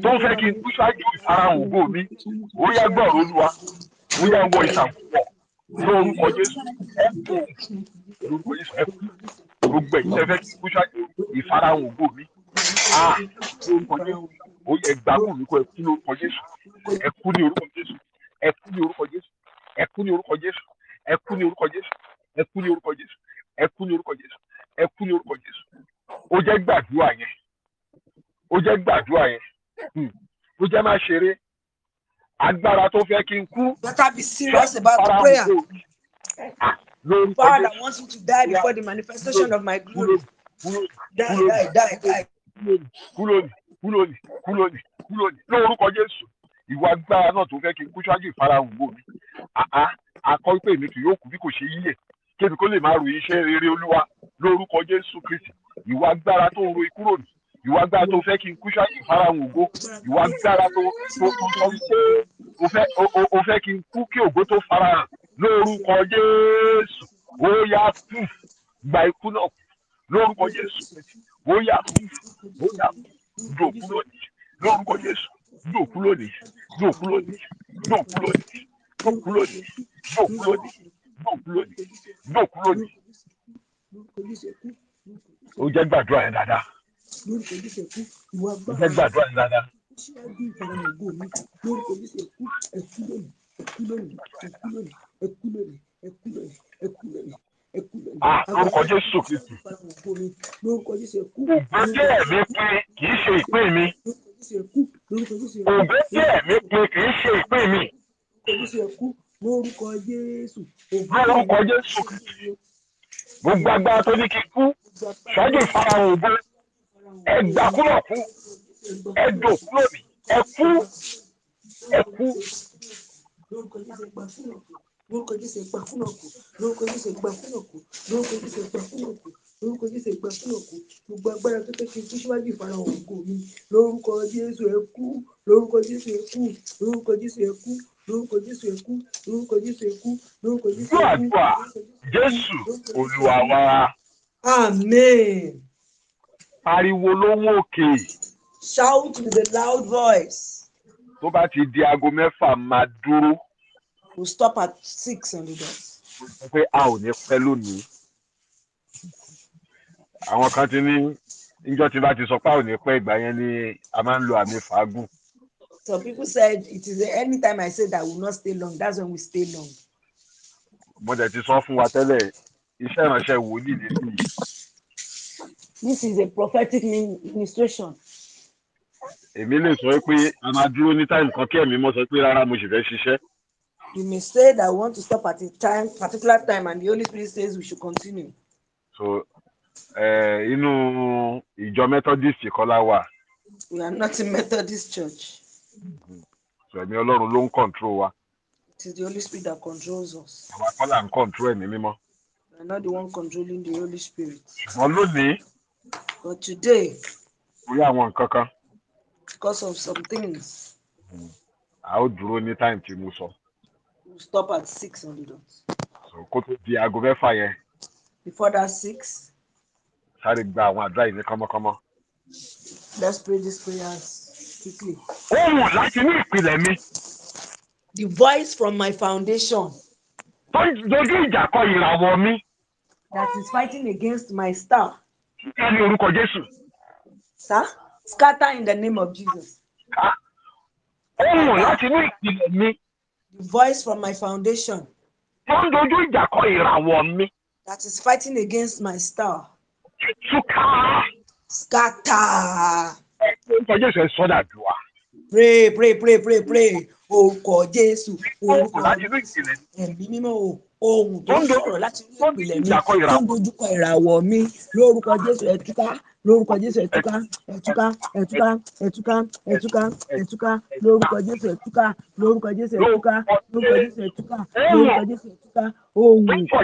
[SPEAKER 2] tó ń fẹ́ kí n kú ṣáájú ìfarahàn ògo mi ó yá gbọ́rọ̀ olúwa ó yá wọ ìsàkúwọ̀
[SPEAKER 3] lórúkọ Jésù
[SPEAKER 2] ẹ̀kú lórúkọ Jésù ẹ̀kú gbogbo ẹ̀yìn tẹ́fẹ́ kí kú ṣáájú ìfarahàn ògbó mi ah, lórúkọ Jésù ó yẹ gbàgbó mi kó ẹ̀kú ní orúkọ Jésù ẹ̀kú ní orúkọ Jésù ẹ̀kú ní orúkọ Jésù ẹ̀kú ní orúkọ Jésù ẹ̀kú ní orúkọ Jésù ẹ̀kú ní orúkọ Jésù ẹ̀kú ní orúkọ Jésù jẹ́ gbàdúrà yẹn ó jẹ́ gbàdúrà yẹn hmm, ó jẹ́ má ṣeré agbára tó fẹ́ kí n kú. better be serious about prayer. Ah, Father, I want you to die before the manifestation of my glory. Die, die, die, die. Kúrò ní, kúrò ní, kúrò ní, kúrò ní. Lórúkọ Jésù, ìwà agbára náà tó fẹ́ kí n kú ṣáájú ìfarahàn wò mí. Akọ́ pé èmi kì yóò kú bí kò ṣe yíyẹ. Kébi kó lè máa ròyìn iṣẹ́ rere Olúwa lórúkọ Jésù Kristi. Ìwà agbára tó ń ro ikú rò ní ìwà agbára tó fẹ́ kí n kú ṣáàjì farahàn ògo ìwà agbára tó tó tó sọ pé o fẹ́ o fẹ́ kí n kú kí ògo tó farahàn lórúkọ Jésù ó yá kú gba ikú náà lórúkọ Jésù ó yá kú ó yá kú dòkú lónìí lórúkọ Jésù dòkú lónìí dòkú lónìí dòkú lónìí dòkú lónìí dòkú lónìí dòkú lónìí dòkú lónìí ó jẹ́ gbàdúrà yẹn dáadáa lórúkọ
[SPEAKER 1] jésù ẹkú ìwà gbàdúrà dáadáa síwájú ìfarahàn ògo mi lórúkọ jésù ẹkú ẹkú lónìí ẹkú lónìí ẹkú lónìí ẹkú lónìí ẹkú lónìí ẹkú lónìí ẹkú lónìí. lórúkọ jésù kristu lórúkọ jésù ẹkú. ògbó jẹ́ ẹ̀mí pé kì í ṣe ìpín mi. ògbó jẹ́ ẹ̀mí pé kì í ṣe ìpín mi. lórúkọ jésù lórúkọ jésù kristu gbogbo agbára tó ní kí n
[SPEAKER 2] kú ṣáájú ìfarahàn ògo ẹgbà kúrò kú ẹdò kúrò mi ẹkú ẹkú.
[SPEAKER 1] lórúkọ jésù ẹgbà kúrò kú lórúkọ jésù ẹgbà kúrò kú lórúkọ jésù ẹgbà kúrò kú lórúkọ jésù ẹgbà kúrò kú lórúkọ jésù ẹgbà kúrò kú gbogbo agbára tó fẹ́ kí n kú síwájú ìfarahàn ògo mi lórúkọ jésù ẹkú lórúkọ jésù ẹkú lórúkọ jésù ẹkú
[SPEAKER 3] lórúkọ jésù ẹkú lórúkọ jésù ẹkú lórúkọ jésù ẹkú. jésù àdúrà
[SPEAKER 2] jésù olúwa wa. amen. Pariwo lóhùn òkè. Shout with a loud voice. Tó bá ti di aago mẹ́fà máa dúró.
[SPEAKER 1] We'll stop at six
[SPEAKER 2] on the dot. Mo sọ a ò ní pẹ́ lónìí. Àwọn kan ti ní níjọ́ tí bá ti sọ pé a ò ní pẹ́ ìgbà yẹn ni a máa ń lo àmì fàágùn.
[SPEAKER 1] Some people said it is anytime I say that we will not stay long, that's when we stay long.
[SPEAKER 2] Mo dẹ̀ ti sọ fún wa tẹ́lẹ̀, iṣẹ́ ìránṣẹ́ wòlíì lélẹ́yìí
[SPEAKER 1] this is a prophetic ministration.
[SPEAKER 2] èmi lè sọ pé a máa dúró ní táìmù kan kí ẹ̀mí mọ́ sọ pé rárá mo sì fẹ́ ṣiṣẹ́.
[SPEAKER 1] you may say that we want to stop at a time particular time and the holy spirit says we should continue.
[SPEAKER 2] so uh, inú ìjọ methodist kọ́lá wà.
[SPEAKER 1] we are not a methodist
[SPEAKER 2] church. so ẹ̀mí ọlọ́run ló ń control wa.
[SPEAKER 1] it is the holy spirit that controls us.
[SPEAKER 2] àwa kọ́lá ń control ẹ̀mí mímọ́.
[SPEAKER 1] we are not the one controlling the holy spirit.
[SPEAKER 2] ṣùgbọ́n lónìí
[SPEAKER 1] but today.
[SPEAKER 2] bóyá àwọn nǹkan kan.
[SPEAKER 1] because of some things.
[SPEAKER 2] Hmm. a ó dúró ní time
[SPEAKER 1] we stop at six on the dot. so before that six.
[SPEAKER 2] sáré gba àwọn àdúrà yìí ní kánmọ́kánmọ́.
[SPEAKER 1] let's pray these prayers quickly.
[SPEAKER 2] ohun láti ní ìpìlẹ̀ mi.
[SPEAKER 1] the voice from my foundation. tó dojú ìjà kọ ìràwọ̀ mi. that is fighting against my staff jíjẹ́ ní orúkọ Jésù. sá scatter in the name of Jesus. ohùn láti inú ìpìlẹ̀ mi. the voice from my foundation. tó ń dojú ìjà kọ ìràwọ̀ mi. that is fighting against my star. túká. scatter.
[SPEAKER 2] orúkọ Jésù ẹ sọ́dà jù
[SPEAKER 1] pray pray pray pray pray orúkọ Jésù orúkọ Jésù ẹ̀mí mímọ́ o ohun tó sọ̀rọ̀ láti rí ìpìlẹ̀ mi tó ń dojúkọ ìràwọ̀ mi lórúkọ Jésù ẹ̀túká lórúkọ Jésù ẹ̀túká ẹ̀túká ẹ̀túká ẹ̀túká ẹ̀túká ẹ̀túká lórúkọ Jésù ẹ̀túká lórúkọ Jésù ẹ̀túká lórúkọ Jésù ẹ̀túká lórúkọ Jésù ẹ̀túká ohun tó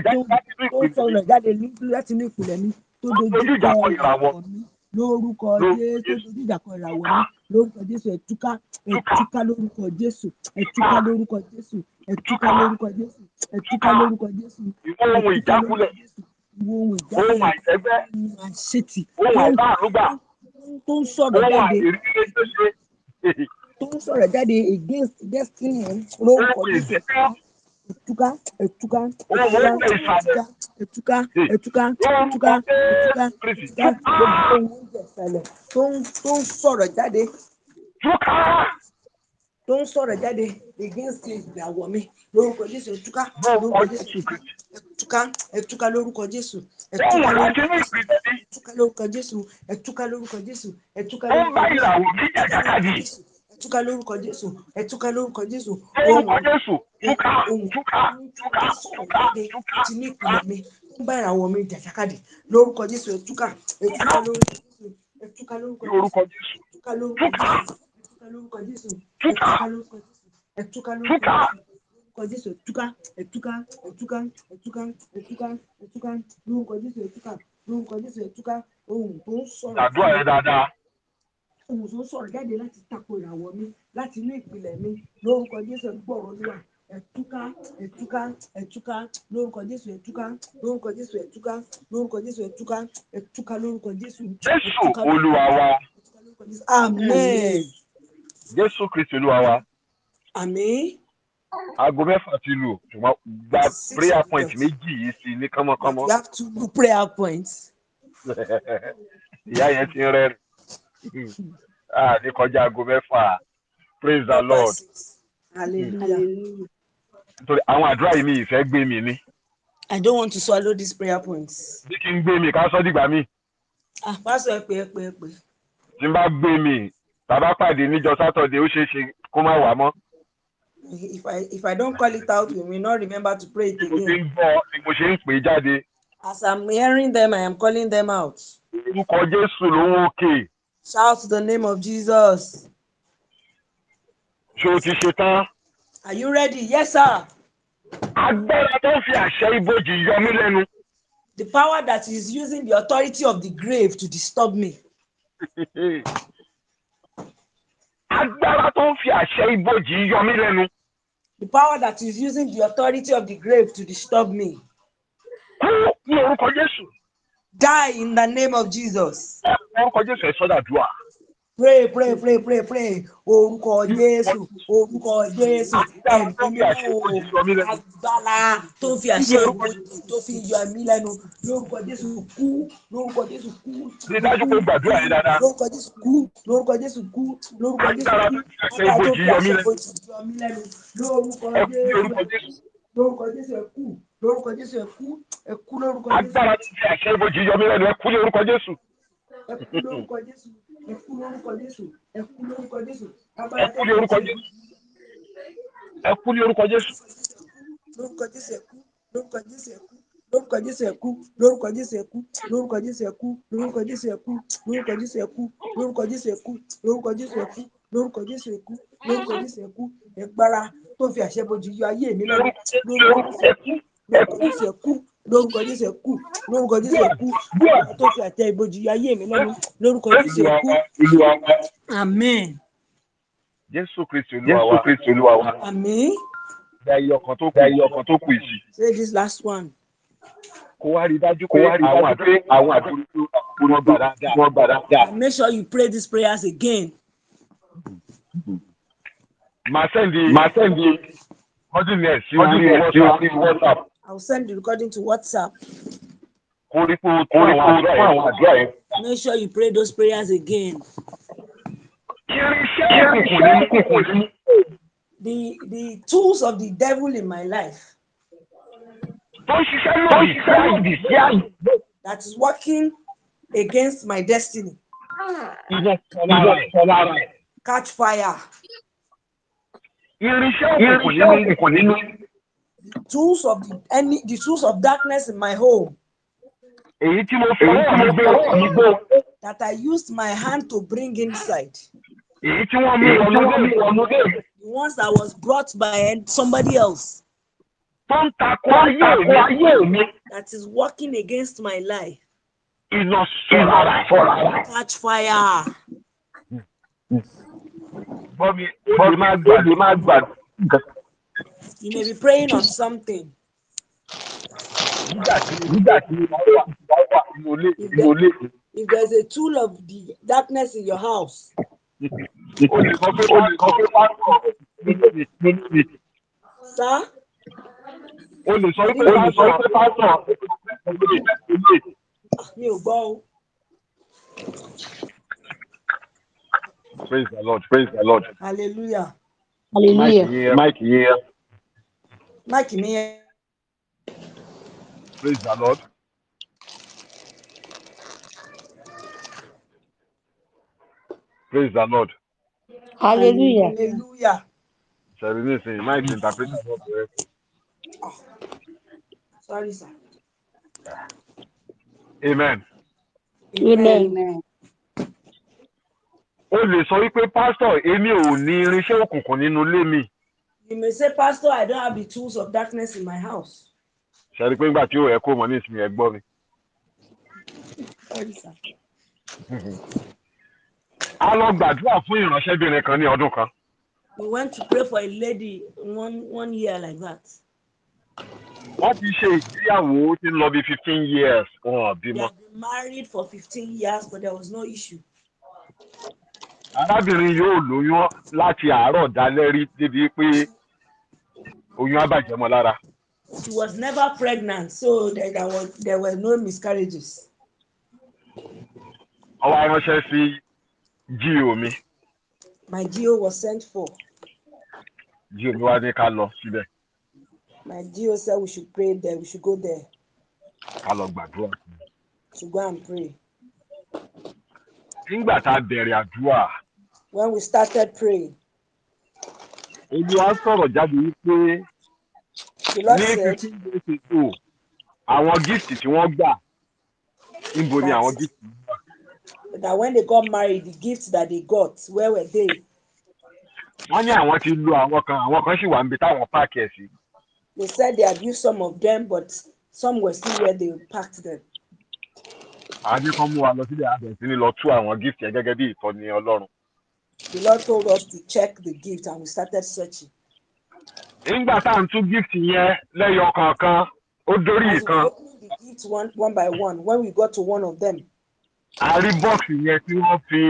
[SPEAKER 1] sọ̀rọ̀ jáde láti rí ìpìlẹ̀ mi tó dojúkọ ìràwọ̀ mi lórúkọ jésù dídàkọ ìràwọ̀ náà lórúkọ jésù ẹ̀túká ẹ̀túká lórúkọ jésù ẹ̀túká lórúkọ jésù ẹ̀túká lórúkọ jésù ẹ̀túká lórúkọ jésù ohun ìjákulẹ̀ ohun ìjákulẹ̀ ohun àṣetì tó ń sọ̀rọ̀ jáde tó ń sọ̀rọ̀ jáde against destiny
[SPEAKER 2] lórúkọ jésù
[SPEAKER 1] etuka etuka etuka etuka etuka etuka etuka etuka etuka gbogbo oúnjẹ ìṣẹ̀lẹ̀ tó ń tó ń sọ̀rọ̀ jáde tó ń against ìgbàwọ̀ mi lórúkọ jésù etuka lórúkọ jésù etuka etuka lórúkọ jésù etuka lórúkọ jésù etuka lórúkọ jésù etuka lórúkọ jésù. ó ń bá ìlàwọ̀ mi jàjàkadì túká lórúkọ jésù ẹ túká lórúkọ jésù lórúkọ jésù túká túká túká túká túká ti ní ìpìlẹ̀ mi ń bá ìràwọ̀ mi jàjàkadì lórúkọ jésù ẹ túká ẹ túká lórúkọ jésù
[SPEAKER 2] ẹ túká lórúkọ jésù
[SPEAKER 1] túká lórúkọ jésù túká lórúkọ jésù ẹ túká lórúkọ jésù lórúkọ jésù ẹtúká ẹtúká ẹtúká ẹtúká ẹtúká ẹtúká lórúkọ jésù ẹtúká lórúkọ jésù ẹtúká ohun tó ń sọ̀rọ̀. àdúrà rẹ dáadáa òwòsàn sọ̀rọ̀ jáde láti tako ìràwọ̀ mi láti inú ìpìlẹ̀ mi lórúkọ jésù ẹgbọ́rọ̀ olúwa ẹtúká ẹtúká ẹtúká lórúkọ jésù ẹtúká lórúkọ jésù ẹtúká lórúkọ jésù ẹtúká ẹtúká lórúkọ jésù. jésù olúwa wa. amen.
[SPEAKER 2] jésù kristu olúwa wa. àmín. aago mẹ́fà ti lù ṣùgbọ́n gba prayer point méjì yìí sí ní kánmọ́kánmọ́. you have
[SPEAKER 1] to two prayer points.
[SPEAKER 2] ìyá yẹn ti rẹ́rìn ah ní kọjá aago mẹ́fà praise the lord
[SPEAKER 1] nítorí
[SPEAKER 2] àwọn àdúrà yìí mi ìfẹ́ gbé mi ní.
[SPEAKER 1] i don't want to swallow these prayer
[SPEAKER 2] points. bí kí n gbé mi ká sọ dìgbà mi.
[SPEAKER 1] ah pásọ ẹ pé ẹ pé ẹ pé.
[SPEAKER 2] tí n bá gbé mi bàbá pàdé níjọ sátọdẹ ó ṣeé ṣe kó má wà mọ́.
[SPEAKER 1] if i if i don't call it out you will not remember to pray it again. mo ṣe ń gbọ́ ni
[SPEAKER 2] mo ṣe ń pè jáde.
[SPEAKER 1] as i'm hearing them i am calling them out. orúkọ jésù ló ń wọ́n kéè. Shout to the name of Jesus.
[SPEAKER 2] Ṣé o ti ṣe tán?
[SPEAKER 1] Are you ready? Yes, sir. Agbára tó fi àṣẹ ibojì yọ mí lẹ́nu. The power that is using the authority of the grave to disturb me. Agbára tó fi àṣẹ ibojì yọ mí lẹ́nu. The power that is using the authority of the grave to disturb me. Kú ní orúkọ Jésù. Die in the name of Jesus. Ẹ
[SPEAKER 2] orúkọ jésù ẹ sọdà dùà.
[SPEAKER 1] pray pray pray pray pray orúkọ jésù orúkọ jésù ẹ̀mí ló agbára tó fi àṣẹ tó fi yọ ẹ̀mí lẹ́nu lórúkọ jésù kú lórúkọ jésù kú. rí dájú pé gbàdúrà yìí dáadáa. lórúkọ jésù kú lórúkọ jésù kú lórúkọ jésù kú agbára tó fi àṣẹ ìbòjì yọ mí lẹ́nu lórúkọ jésù lórúkọ jésù ẹ kú lórúkọ jésù ẹ kú ẹ kú lórúkọ jésù. agbára tó fi àṣẹ ìbòjì yọ mí lẹ́nu ẹ kú lórúkọ
[SPEAKER 2] jésù ẹ kú lórúkọ
[SPEAKER 1] Jésù ẹ kú lórúkọ Jésù ẹ kú lórúkọ Jésù agbára tẹ ẹ kú ẹ kú ní orúkọ Jésù lórúkọ Jésù ẹ kú lórúkọ Jésù ẹ kú lórúkọ Jésù ẹ kú lórúkọ Jésù ẹ kú lórúkọ Jésù ẹ kú lórúkọ Jésù ẹ kú lórúkọ Jésù ẹ kú lórúkọ Jésù ẹ kú lórúkọ Jésù ẹ kú lórúkọ Jésù ẹ kú lórúkọ Jésù ẹ kú ẹ gbára tó fi àṣẹ bojú yọ ayé mi lọ́rùn lórúkọ Jésù ẹ kú lórúkọ jésù lórúkọ jésù ẹkú lórúkọ jésù ẹkú tó fi àtẹ ìbòjì ayé mi lọ́nu lórúkọ jésù ẹkú amen.
[SPEAKER 2] jésù kristu olúwa wa jésù olúwa wa amen. ìgbà iye ọkàn tó kù iye ọkàn tó kù ìsì.
[SPEAKER 1] say this last one. kó wá rí i dájú pé àwọn àdúró àwọn àdúró
[SPEAKER 2] wọn gbàdá wọn gbàdá. make sure you pray these
[SPEAKER 1] prayers again.
[SPEAKER 2] màá sẹ́ndì màá sẹ́ndì ordinary sí wọ́n ní wọ́sàp.
[SPEAKER 1] I'll send the recording to WhatsApp. Make sure you pray those prayers again. The, the tools of the devil in my life
[SPEAKER 2] that
[SPEAKER 1] is working against my destiny. Catch fire. the tools of the any the tools of darkness in my home. That I used my hand to bring inside.
[SPEAKER 2] Once I
[SPEAKER 1] The ones that was brought by somebody else. That is working against my life. Catch fire. You may be praying on something. If, there, if there's a tool of the darkness in your house, sir.
[SPEAKER 3] Mi ò gbọ́ o.
[SPEAKER 2] Praise the Lord, praise the Lord.
[SPEAKER 1] Hallelujah.
[SPEAKER 2] Hallelujah. Mike here. Mike here.
[SPEAKER 1] Mike nìyẹn.
[SPEAKER 2] Praise the Lord. Praise the Lord.
[SPEAKER 1] Hallelujah. Hallelujah.
[SPEAKER 2] Sorry, listen, Mike interpreted what we eh? oh, Sorry, sir. Amen. Amen. Amen. O lè sọ wípé pásítọ̀ èmi ò ní irinṣẹ́ òkùnkùn nínú ilé mi.
[SPEAKER 1] You may say, Pastor, I don't have the tools of darkness in my house.
[SPEAKER 2] Ṣé rí pé nígbà tí ó ẹ̀kọ́ mọ̀ ní ìsinmi ẹ̀gbọ́n mi? A lọ gbàdúrà fún ìránṣẹ́bìnrin kan ní ọdún kan.
[SPEAKER 1] We went to pray for a lady one, one year like that.
[SPEAKER 2] Wọ́n ti ṣe ìgbéyàwó tí ń lọ bí fifteen years wọn bímọ. They had
[SPEAKER 1] been married for fifteen years but there was no issue.
[SPEAKER 2] Arábìnrin yóò lóyún láti àárọ̀ dalẹ́ rí débi pé oyún abàjẹ́ mọ́ lára.
[SPEAKER 1] she was never pregnant so there, there, was, there were no miscarriages.
[SPEAKER 2] ọwọ́ aránṣẹ́ sí gio mi.
[SPEAKER 1] my gio was sent for.
[SPEAKER 2] gio mi wá ní ká lọ síbẹ̀.
[SPEAKER 1] my gio said we should pray there we should go there.
[SPEAKER 2] ká lọ gbàdúrà.
[SPEAKER 1] to go and pray.
[SPEAKER 2] nígbà tá a bẹ̀rẹ̀ àdúrà.
[SPEAKER 1] when we started praying
[SPEAKER 2] olúwa sọ̀rọ̀ jáde wípé ní fifteen days ago àwọn gift tí wọ́n gbà níbo ni àwọn gift.
[SPEAKER 1] that when they got married the gift that they got where were they.
[SPEAKER 2] wọ́n ní àwọn ti lu àwọn kan àwọn kan sì wà níbi táwọn páàkì ẹ̀ sí.
[SPEAKER 1] they said they had used some of them but some were still where they packed them.
[SPEAKER 2] àdékọ́ mú wa lọ sílẹ̀ àbẹ̀sí ni lọ tú àwọn gift yẹn gẹ́gẹ́ bí ìtọ́ni ọlọ́run
[SPEAKER 1] the Lord told us to check the gift and we started searching.
[SPEAKER 2] nígbà tá à ń tú gift yẹn lẹ́yọ kọ̀ọ̀kan ó dórí ìkan. as
[SPEAKER 1] we opened the gift one, one by one when we got to one of them.
[SPEAKER 2] a rí bọ́ọ̀sì yẹn tí wọ́n fi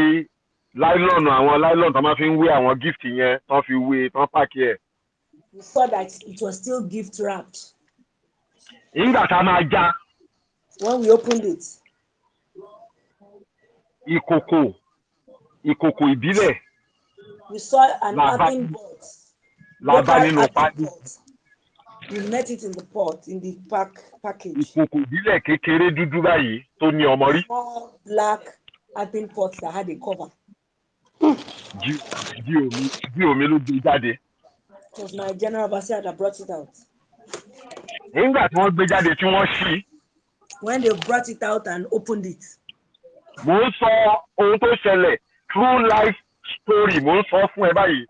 [SPEAKER 1] láìlọ́ọ̀nù àwọn láìlọ́ọ̀nù tó máa fi ń
[SPEAKER 2] wé àwọn gift yẹn tó fi wé tó pàkí ẹ̀.
[SPEAKER 1] we saw that it was still gift wrapped.
[SPEAKER 2] nígbà tá a máa já.
[SPEAKER 1] when we opened it.
[SPEAKER 2] ìkòkò ìkòkò ìbílẹ̀
[SPEAKER 1] we saw an oven
[SPEAKER 2] pot nínú pali
[SPEAKER 1] we met it in the pot in the pack package
[SPEAKER 2] ìkòkò ìbílẹ̀ kékeré dúdú báyìí tó ní ọmọ rí
[SPEAKER 1] small black open pot that had a cover
[SPEAKER 2] di omi di omi ló gbé jáde
[SPEAKER 1] it was my general overseer that brought it out
[SPEAKER 2] nígbà tí wọ́n gbé jáde tí wọ́n ṣí
[SPEAKER 1] when they brought it out and opened it
[SPEAKER 2] mo sọ ohun tó ṣẹlẹ̀ true life story mo ń sọ fún ẹ báyìí.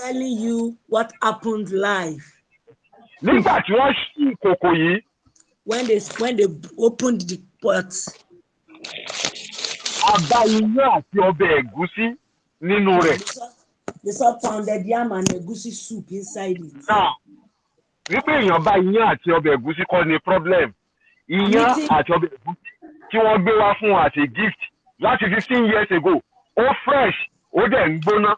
[SPEAKER 1] I'm telling you what happened live.
[SPEAKER 2] nígbà tí wọ́n ṣí ìkòkò yìí.
[SPEAKER 1] when they when they opened the pot. àbá iyán àti ọbẹ̀ ẹ̀gúsí nínú rẹ̀. they saw pounded yam and egusi soup inside it. now
[SPEAKER 2] wípé èèyàn bá iyán àti ọbẹ̀ ẹ̀gúsí kọ́ ni problem iyán àti ọbẹ̀ ẹ̀gúsí tí wọ́n gbé wá fún as a gift láti fifteen years ago ó fresh ó dẹ̀ ń gbóná.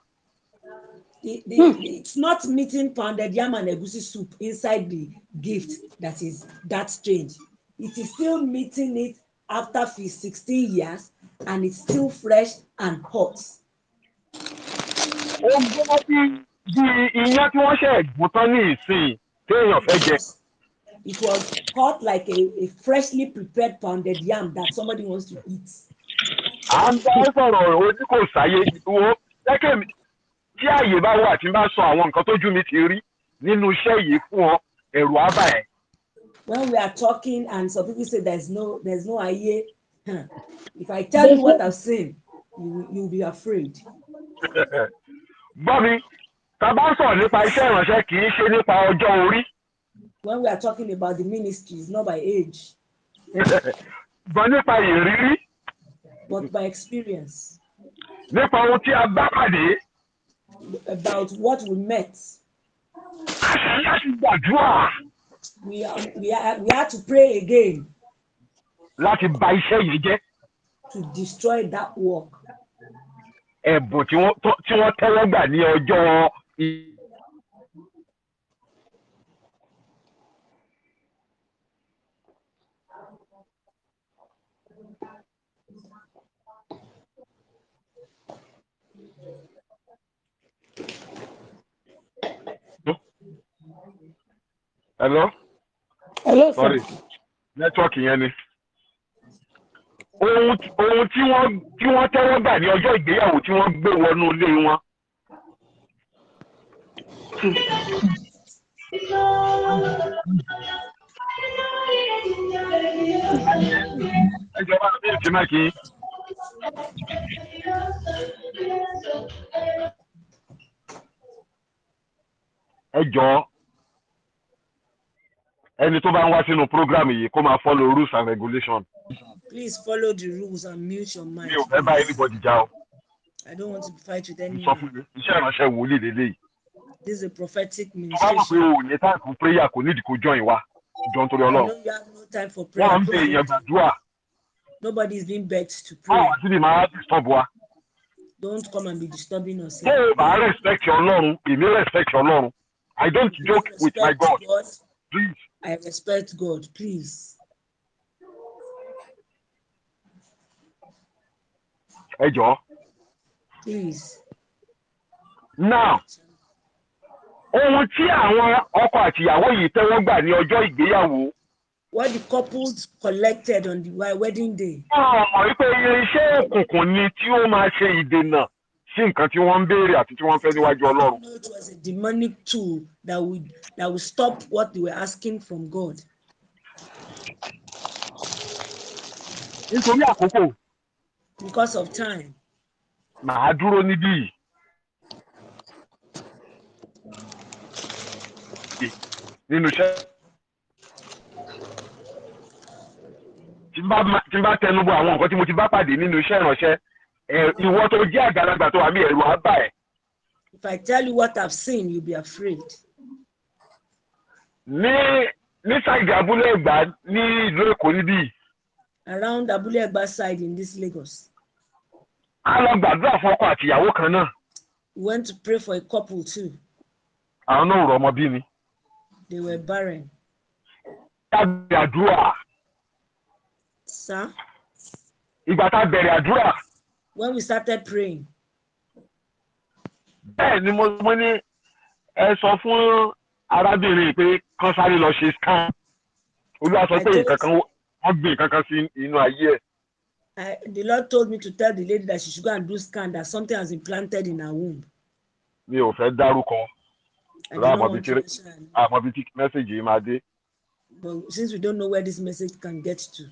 [SPEAKER 1] The, the, hmm. It's not meeting pounded yam and egusi soup inside the gift that is that strange. It is still meeting it after 16 years and it's still fresh and hot. Ó gbọ́ bí bí iyán tí wọ́n ṣe ẹ̀gbọ́n tán ní
[SPEAKER 2] ìsìn téèyàn fẹ́ jẹ.
[SPEAKER 1] It was hot like a, a freshly prepared pounded yam that somebody wants to eat
[SPEAKER 2] à ń bá sọ̀rọ̀ òwe tí kò sáyé wo jẹ́kẹ̀ mi tí àyè bá wà tí n bá sọ àwọn nǹkan tójú mi ti rí nínú iṣẹ́ yìí fún ọ ẹ̀rù á bà
[SPEAKER 1] when we are talking and some people say there is no there is no aye huh. if i tell you what i have seen you you will be afraid.
[SPEAKER 2] gbọ́ mi tá a bá ń sọ̀rọ̀ nípa iṣẹ́ ìránṣẹ́ kì í ṣe nípa ọjọ́ orí.
[SPEAKER 1] when we are talking about the ministry it's not by age. gbọ́ nípa ìrírí but by experience. Nípa ohun tí a bá pàdé. About what we met. A ṣe láti gbàdúrà. We are, we are, we had to pray again.
[SPEAKER 2] Láti bà iṣẹ́ yìí jẹ́. To
[SPEAKER 1] destroy that work.
[SPEAKER 2] Ẹ̀bùn tí wọ́n tẹ́wọ́ gbà ní ọjọ́ hello. hello sir. sorry network yẹn ni. ohun ohun tí wọ́n tí wọ́n tẹ́wọ́ gbà ní ọjọ́ ìgbéyàwó tí wọ́n gbé wọnú ilé wọn. ẹ jọba bí ẹ ti máa ẹ jọ ẹni tó bá ń wá sínú program yìí kó máa follow rules and regulation.
[SPEAKER 1] please follow the rules and mute your mic. mi ò
[SPEAKER 2] fẹ́ bá anybody jà o.
[SPEAKER 1] I don't want to fight with anyone. sọ fún
[SPEAKER 2] mi iṣẹ́ ìránṣẹ́ wòlíì lélẹ́yìí.
[SPEAKER 1] this is a prophetic ministration. báwo pé o ní time fún prayer
[SPEAKER 2] kò nídìí kó join wa jọ nítorí Ọlọ́run. I know
[SPEAKER 1] you have no time for prayer. wọ́n ń bẹ èèyàn gbàdúrà. nobody is being begged to pray. báwo àti ni màá disturb wa. don't come and be disturbing us. mo ò bá respect Ọlọ́run
[SPEAKER 2] èmi respect Ọlọ́run I don't joke with my God. God.
[SPEAKER 1] Please. I respect God, please.
[SPEAKER 2] Ẹ jọ̀ọ́. Please. Now, ohun tí àwọn ọkọ àtìyàwó yìí tẹ́wọ́ gbà ní ọjọ́ ìgbéyàwó.
[SPEAKER 1] What the couples collected on the wedding day. Wọ́n mọ̀ wípé
[SPEAKER 2] irinṣẹ́ òkùnkùn ni tí ó máa ṣe ìdènà sí nǹkan tí wọ́n ń béèrè àti tí wọ́n fẹ́ níwájú ọlọ́run. it
[SPEAKER 1] was a demonic tool that would that would stop what they were asking from God. nítorí àkókò. because of time.
[SPEAKER 2] màá dúró níbí yìí. nínú iṣẹ́. tí n bá tẹnu bọ àwọn nǹkan tí mo ti bá pàdé nínú iṣẹ́ ìránṣẹ́ ìwọ tó jẹ́ àgbàlagbà tó wà mí ẹ̀rù á bà
[SPEAKER 1] if i tell you what i've seen you be afraid.
[SPEAKER 2] ní ní ṣáìdì abúlé ẹgbà ní ìlú èkó níbí.
[SPEAKER 1] around abúlé ẹgbà side in this lagos. a lọ gbàdúrà fún ọkọ àti ìyàwó kan náà. we went to pray for a couple too.
[SPEAKER 2] àwọn náà rọ ọmọ bí mi.
[SPEAKER 1] they were barren.
[SPEAKER 2] ìgbà tá a bẹ̀rẹ̀ àdúrà. sir. ìgbà tá a bẹ̀rẹ̀ àdúrà
[SPEAKER 1] when we started praying. bẹ́ẹ̀
[SPEAKER 2] ni mo mo ní ẹ sọ fún arábìnrin pé kán sáré lọ ṣe scan olúwa sọ pé nǹkan kan wọ́n gbé nǹkan kan sí inú ayé
[SPEAKER 1] ẹ̀. the Lord told me to tell the lady that she should go and do scan that something has been planted in her womb.
[SPEAKER 2] Mi ò fẹ́ dárúkọ.
[SPEAKER 1] Àmọ́
[SPEAKER 2] bí tí mẹ́sàgì yìí máa dé.
[SPEAKER 1] But since we don't know where this message can get to.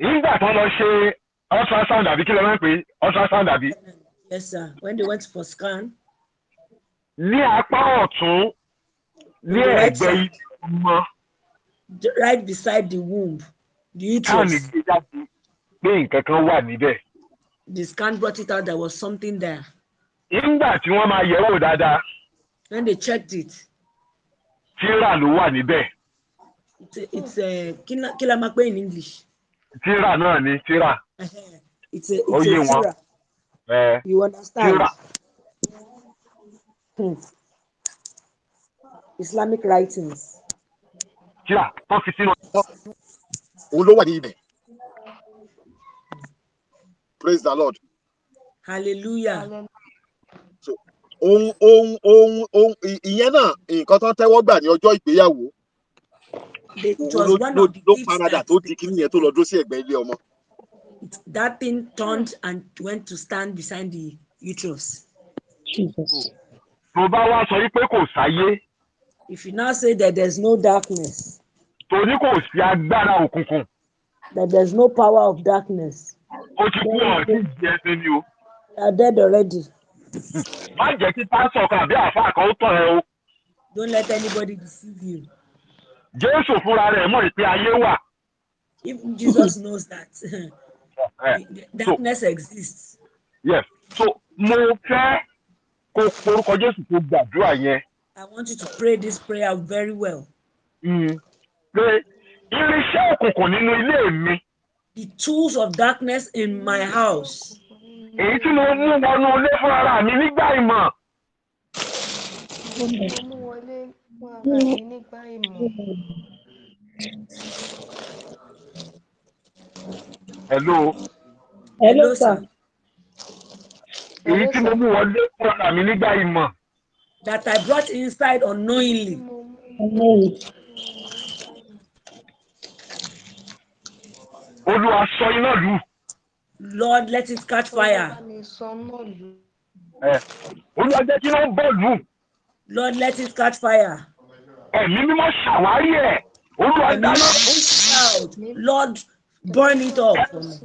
[SPEAKER 2] Nígbà tó lọ ṣe ultrasound àbí kí lè máa ń pè ultrasound àbí.
[SPEAKER 1] yes sir when they went for scan.
[SPEAKER 2] ní apá ọ̀tún ní ẹ̀gbẹ́
[SPEAKER 1] ọmọ. right beside the womb the uterus. káàní gbé jáde
[SPEAKER 2] pé nǹkan kan wà níbẹ̀.
[SPEAKER 1] the scan brought it out there was something there.
[SPEAKER 2] nígbà tí wọ́n máa yẹ̀ wò dáadáa.
[SPEAKER 1] when they checked it.
[SPEAKER 2] tírà ló wà níbẹ̀.
[SPEAKER 1] it's eh, a kí la máa pè in English.
[SPEAKER 2] tírà náà ni tírà
[SPEAKER 1] it's a, it's Oye a tura. Uh, you understand? Hmm. Islamic writings.
[SPEAKER 2] Tira, tó fi sínú ọ̀dọ́.
[SPEAKER 3] Òun ló wà ní ibẹ̀.
[SPEAKER 1] Praise the Lord. Hallelujah.
[SPEAKER 2] So, ohun ohun ohun ohun ìyẹn náà nǹkan tó ń tẹ́wọ́ gbà ní ọjọ́ ìgbéyàwó. Òun ló ló parada tó di kí nìyẹn tó lọ dúró sí ẹ̀gbẹ́ ilé ọmọ
[SPEAKER 1] that thing turned and went to stand beside the uterus. tó bá wá sọ wípé kò sáyé. if you now say that there's no darkness. torí kò sí agbára òkùnkùn. that there's no power of darkness. ó ti
[SPEAKER 2] kú ọ̀rọ̀ sí ìjẹsìn ni o.
[SPEAKER 1] they are dead already.
[SPEAKER 2] má jẹ́ kí pásọ̀ kan àbí àáfàá kan ó tọ̀ ẹ́ o. don't let anybody deceive you. jésù fúnra rẹ̀ mọ̀ pé ayé wà. even
[SPEAKER 1] jesus knows that. darkness so, exists. yes so mo fẹ́ kó orúkọ Jésù kó gbàdúrà yẹn. I want you to pray this prayer very well. Hmm. pé irinṣẹ́ òkùnkùn nínú ilé mi. The tools of darkness in my house.
[SPEAKER 2] Èyí tí mo mú wọnú ilé fún ara mi nígbà ìmọ̀. Mo wọlé hello. hello sir. èyí tí mo mú wọlé fún ọ̀nà mi nígbà ìmọ̀.
[SPEAKER 1] that I brought inside unknowingly. olúwa sọ iná lù. Lord let it catch fire.
[SPEAKER 2] olúwa jẹ́ kí iná bọ̀ lù. Lord let it catch fire. ẹ̀mí mímọ́ ṣàwárí ẹ̀ olúwa dáná.
[SPEAKER 1] Lord burn it up for me.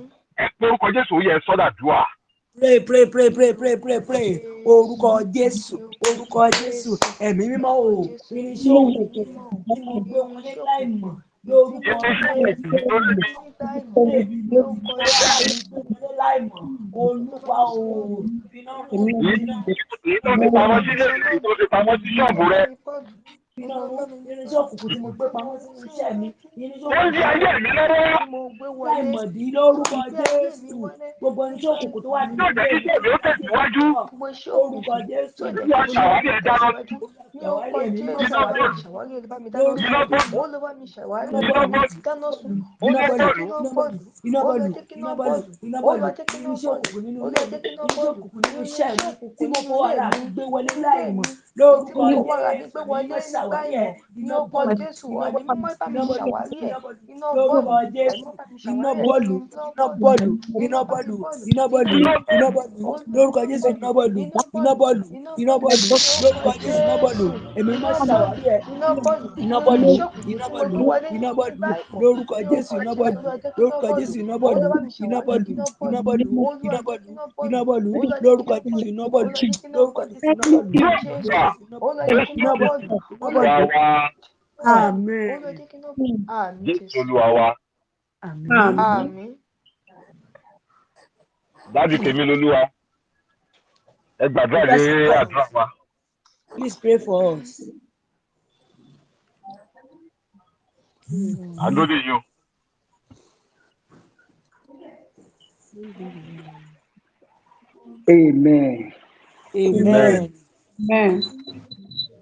[SPEAKER 2] lórúkọ jésù ó yẹ sọ́dàdúà.
[SPEAKER 1] pray pray pray pray pray pray pray orúkọ jésù orúkọ jésù ẹ̀mí mímọ́ o irinṣẹ́ òkùnkùn nínú gbé wọn lé láì mọ̀ lórúkọ olùkọ́ òòrùn iná.
[SPEAKER 2] èyí
[SPEAKER 1] tó ti pamọ́ sí ṣọ́ọ̀bù rẹ irinṣẹ́ òkùnkùn tí mo gbé pamọ́ sínú iṣẹ́ mi irinṣẹ́ òkùnkùn tí mo
[SPEAKER 3] gbé wọlé láìmọ̀dí
[SPEAKER 1] lórúkọ jésù gbogbo irinṣẹ́ òkùnkùn tó wà nínú iṣẹ́ mi ó tẹ̀síwájú
[SPEAKER 3] lórúkọ
[SPEAKER 1] jésù ìjọba ṣàwárí ẹ̀dá lọ
[SPEAKER 3] ṣàwárí
[SPEAKER 1] ẹ̀mí mọ́ ṣàwárí ṣàwárí ẹ̀dá mi dáná iná bọ́ọ̀lù ó ló bá mi ṣàwárí iná bọ́ọ̀lù dáná sùn ó ló bọ́ọ̀lù iná bọ́ọ̀lù iná bọ́ọ̀lù iná bọ́ọ̀lù iná bọ́ọ̀lù irinṣẹ́ òkùnkùn nínú ilé irinṣẹ́ òkùnkùn nínú iṣẹ́ mi tí mo fọwọ́ ara mi gbé wọlé láìmọ̀ lórúkọ agbára ní pé wọ́n yé nígbà yẹn iná bọ́ jésù wọn ni mímọ́ ìbámu ṣàwárí ẹ̀ iná bọ́ọ̀lù iná bọ́ọ̀lù iná bọ́ọ̀lù iná bọ́ọ̀lù iná bọ́ọ̀lù iná bọ́ọ̀lù lórúkọ jésù iná bọ́ọ̀lù iná bọ́ọ̀lù iná bọ́ọ̀lù lórúkọ jésù iná bọ́ọ̀lù èmi mímọ́ ṣàwárí ẹ̀ iná bọ́ọ̀lù iná bọ́ọ̀lù iná bọ́ọ̀lù iná bọ́ọ̀lù lórúkọ jésù iná bọ́ọ̀lù lórúkọ jésù iná bọ́ọ̀lù iná bọ́ọ̀lù iná bọ́ọ̀lù iná bọ́ọ̀lù iná bọ́ọ̀lù lórúkọ jésù iná bọ́ọ̀lù lórúkọ jésù iná bọ́ọ̀lù
[SPEAKER 3] olùwà wa
[SPEAKER 2] jésù olúwa wa dájú tèmi lolúwa ẹ gbàdúrà lé àdúrà wa.
[SPEAKER 1] Please pray for us.
[SPEAKER 2] I know that you.
[SPEAKER 3] Amen. Amen. Amen. Amen.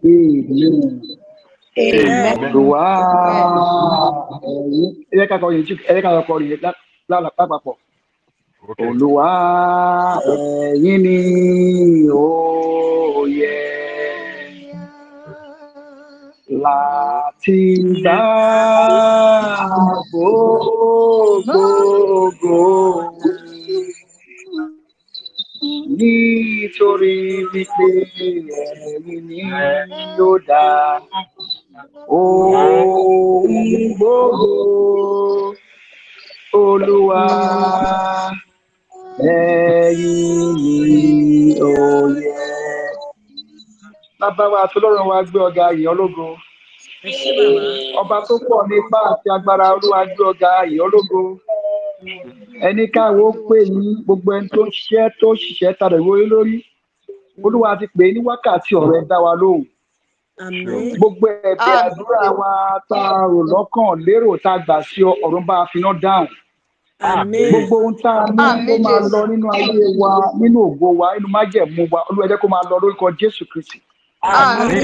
[SPEAKER 3] Amen. Amen. Olúwa ẹ jẹ́ ká kọrin ẹ jẹ́ ká kọrin lápapọ̀. Olúwa ẹ̀yin ni ó yẹ láti dá gbogbogbò. nítorí wípé ẹ̀yin ni ó dá ohun gbogbo olúwa ẹ̀yin ni ó yẹ. bàbá wa àtọlọ́run wa gbé ọ̀gá yìí ológo ọba tó pọ̀ nípa àti agbára olúwa gbé ọ̀gá yìí ológo. ẹni káwọ́ pè ní gbogbo ẹni tó ṣiṣẹ́ tó ṣiṣẹ́ tàdé wọlé lórí olúwa ti pè é ní wákàtí ọ̀rọ̀ ẹ dá wa lóhùn gbogbo ẹ̀bẹ̀ àdúrà wa tá a rò lọ́kàn lérò tá a gbà sí ọ̀run bá a finá dáhùn gbogbo ohun tá a ní kó máa lọ nínú ayé wa nínú ògo wa nínú májẹ̀mú wa olúwa jẹ́ kó máa lọ lórúkọ Jésù Kristi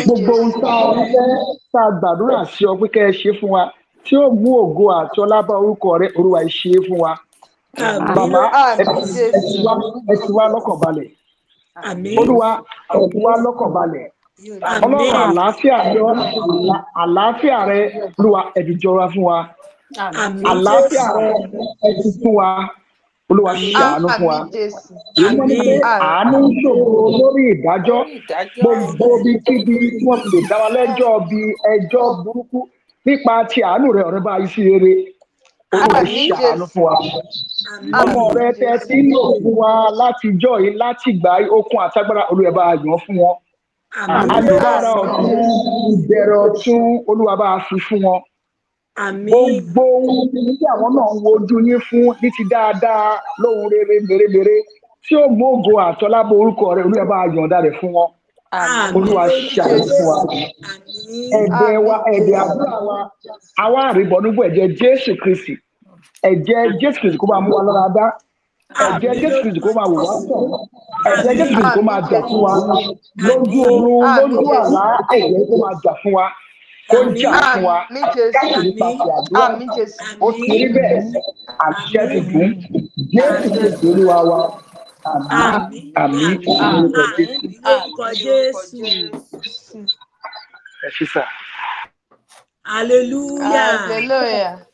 [SPEAKER 3] gbogbo ohun tá a fẹ́ tá a gbàdúrà sí ọ pé kẹ́ ẹ ṣe fún wa tí ó mú ògo àti ọlá bá orúkọ rẹ olúwa ṣe é fún wa bàbá ẹ ti wá lọ́kàn balẹ̀ olúwa ẹ ti wá lọ́kàn balẹ̀ ọlọ́run àlàáfíà rẹ àlàáfíà rẹ olúwa ẹ̀dùn jọra fún wa
[SPEAKER 1] àlàáfíà rẹ
[SPEAKER 3] ẹ̀dùn fún wa olúwa ṣàánú fún wa ìmọ̀ ní àánú ṣòro lórí ìdájọ́ gbogbo bíi kíbi wọ́n ti lè dá wa lẹ́jọ́ bíi ẹjọ́ burúkú nípa ti àánú rẹ ọ̀rẹ́ bá iṣẹ́ eré olùṣàánú fún wa ọmọ rẹ tẹ lò fún wa látijọ́ yìí látìgbà okun àtagbára olùyẹ̀bá yàn fún wọn agbára ọ̀tún ìbẹ̀rẹ̀ ọ̀tún olúwa fi fún wọn gbogbo ohun tí àwọn náà ń wojú yín fún ní ti dáadáa lóhun rere mèremère tí ó gbóògùn àtọ́lábọ̀ orúkọ rẹ olúyẹ̀bá yọ̀ǹda rẹ̀ fún wọn olúwa ṣàánú fún wa ẹ̀jẹ̀ wa ẹ̀jẹ̀ àbúrò wa àwa àrìbọ nígbà ẹ̀jẹ̀ jésù kristi ẹ̀jẹ̀ jésù kristi kó máa mú wa lọ́ra dá ẹ̀jẹ̀ jésù kristi kó máa wò wá sọ ẹ̀jẹ̀ jésù kristi kó máa jà fún wa lójú oorun lójú àlá ẹ̀jẹ̀ kó máa jà fún wa kó jà fún wa káàkiri pàṣẹ àdúrà ó ti rí bẹ́ẹ̀ àṣẹ tuntun jésù kristi olúwa wa. Àmín. Àmín. Orúkọ Jésù. Ẹ ṣí sà.
[SPEAKER 1] Hallelujah. Hallelujah.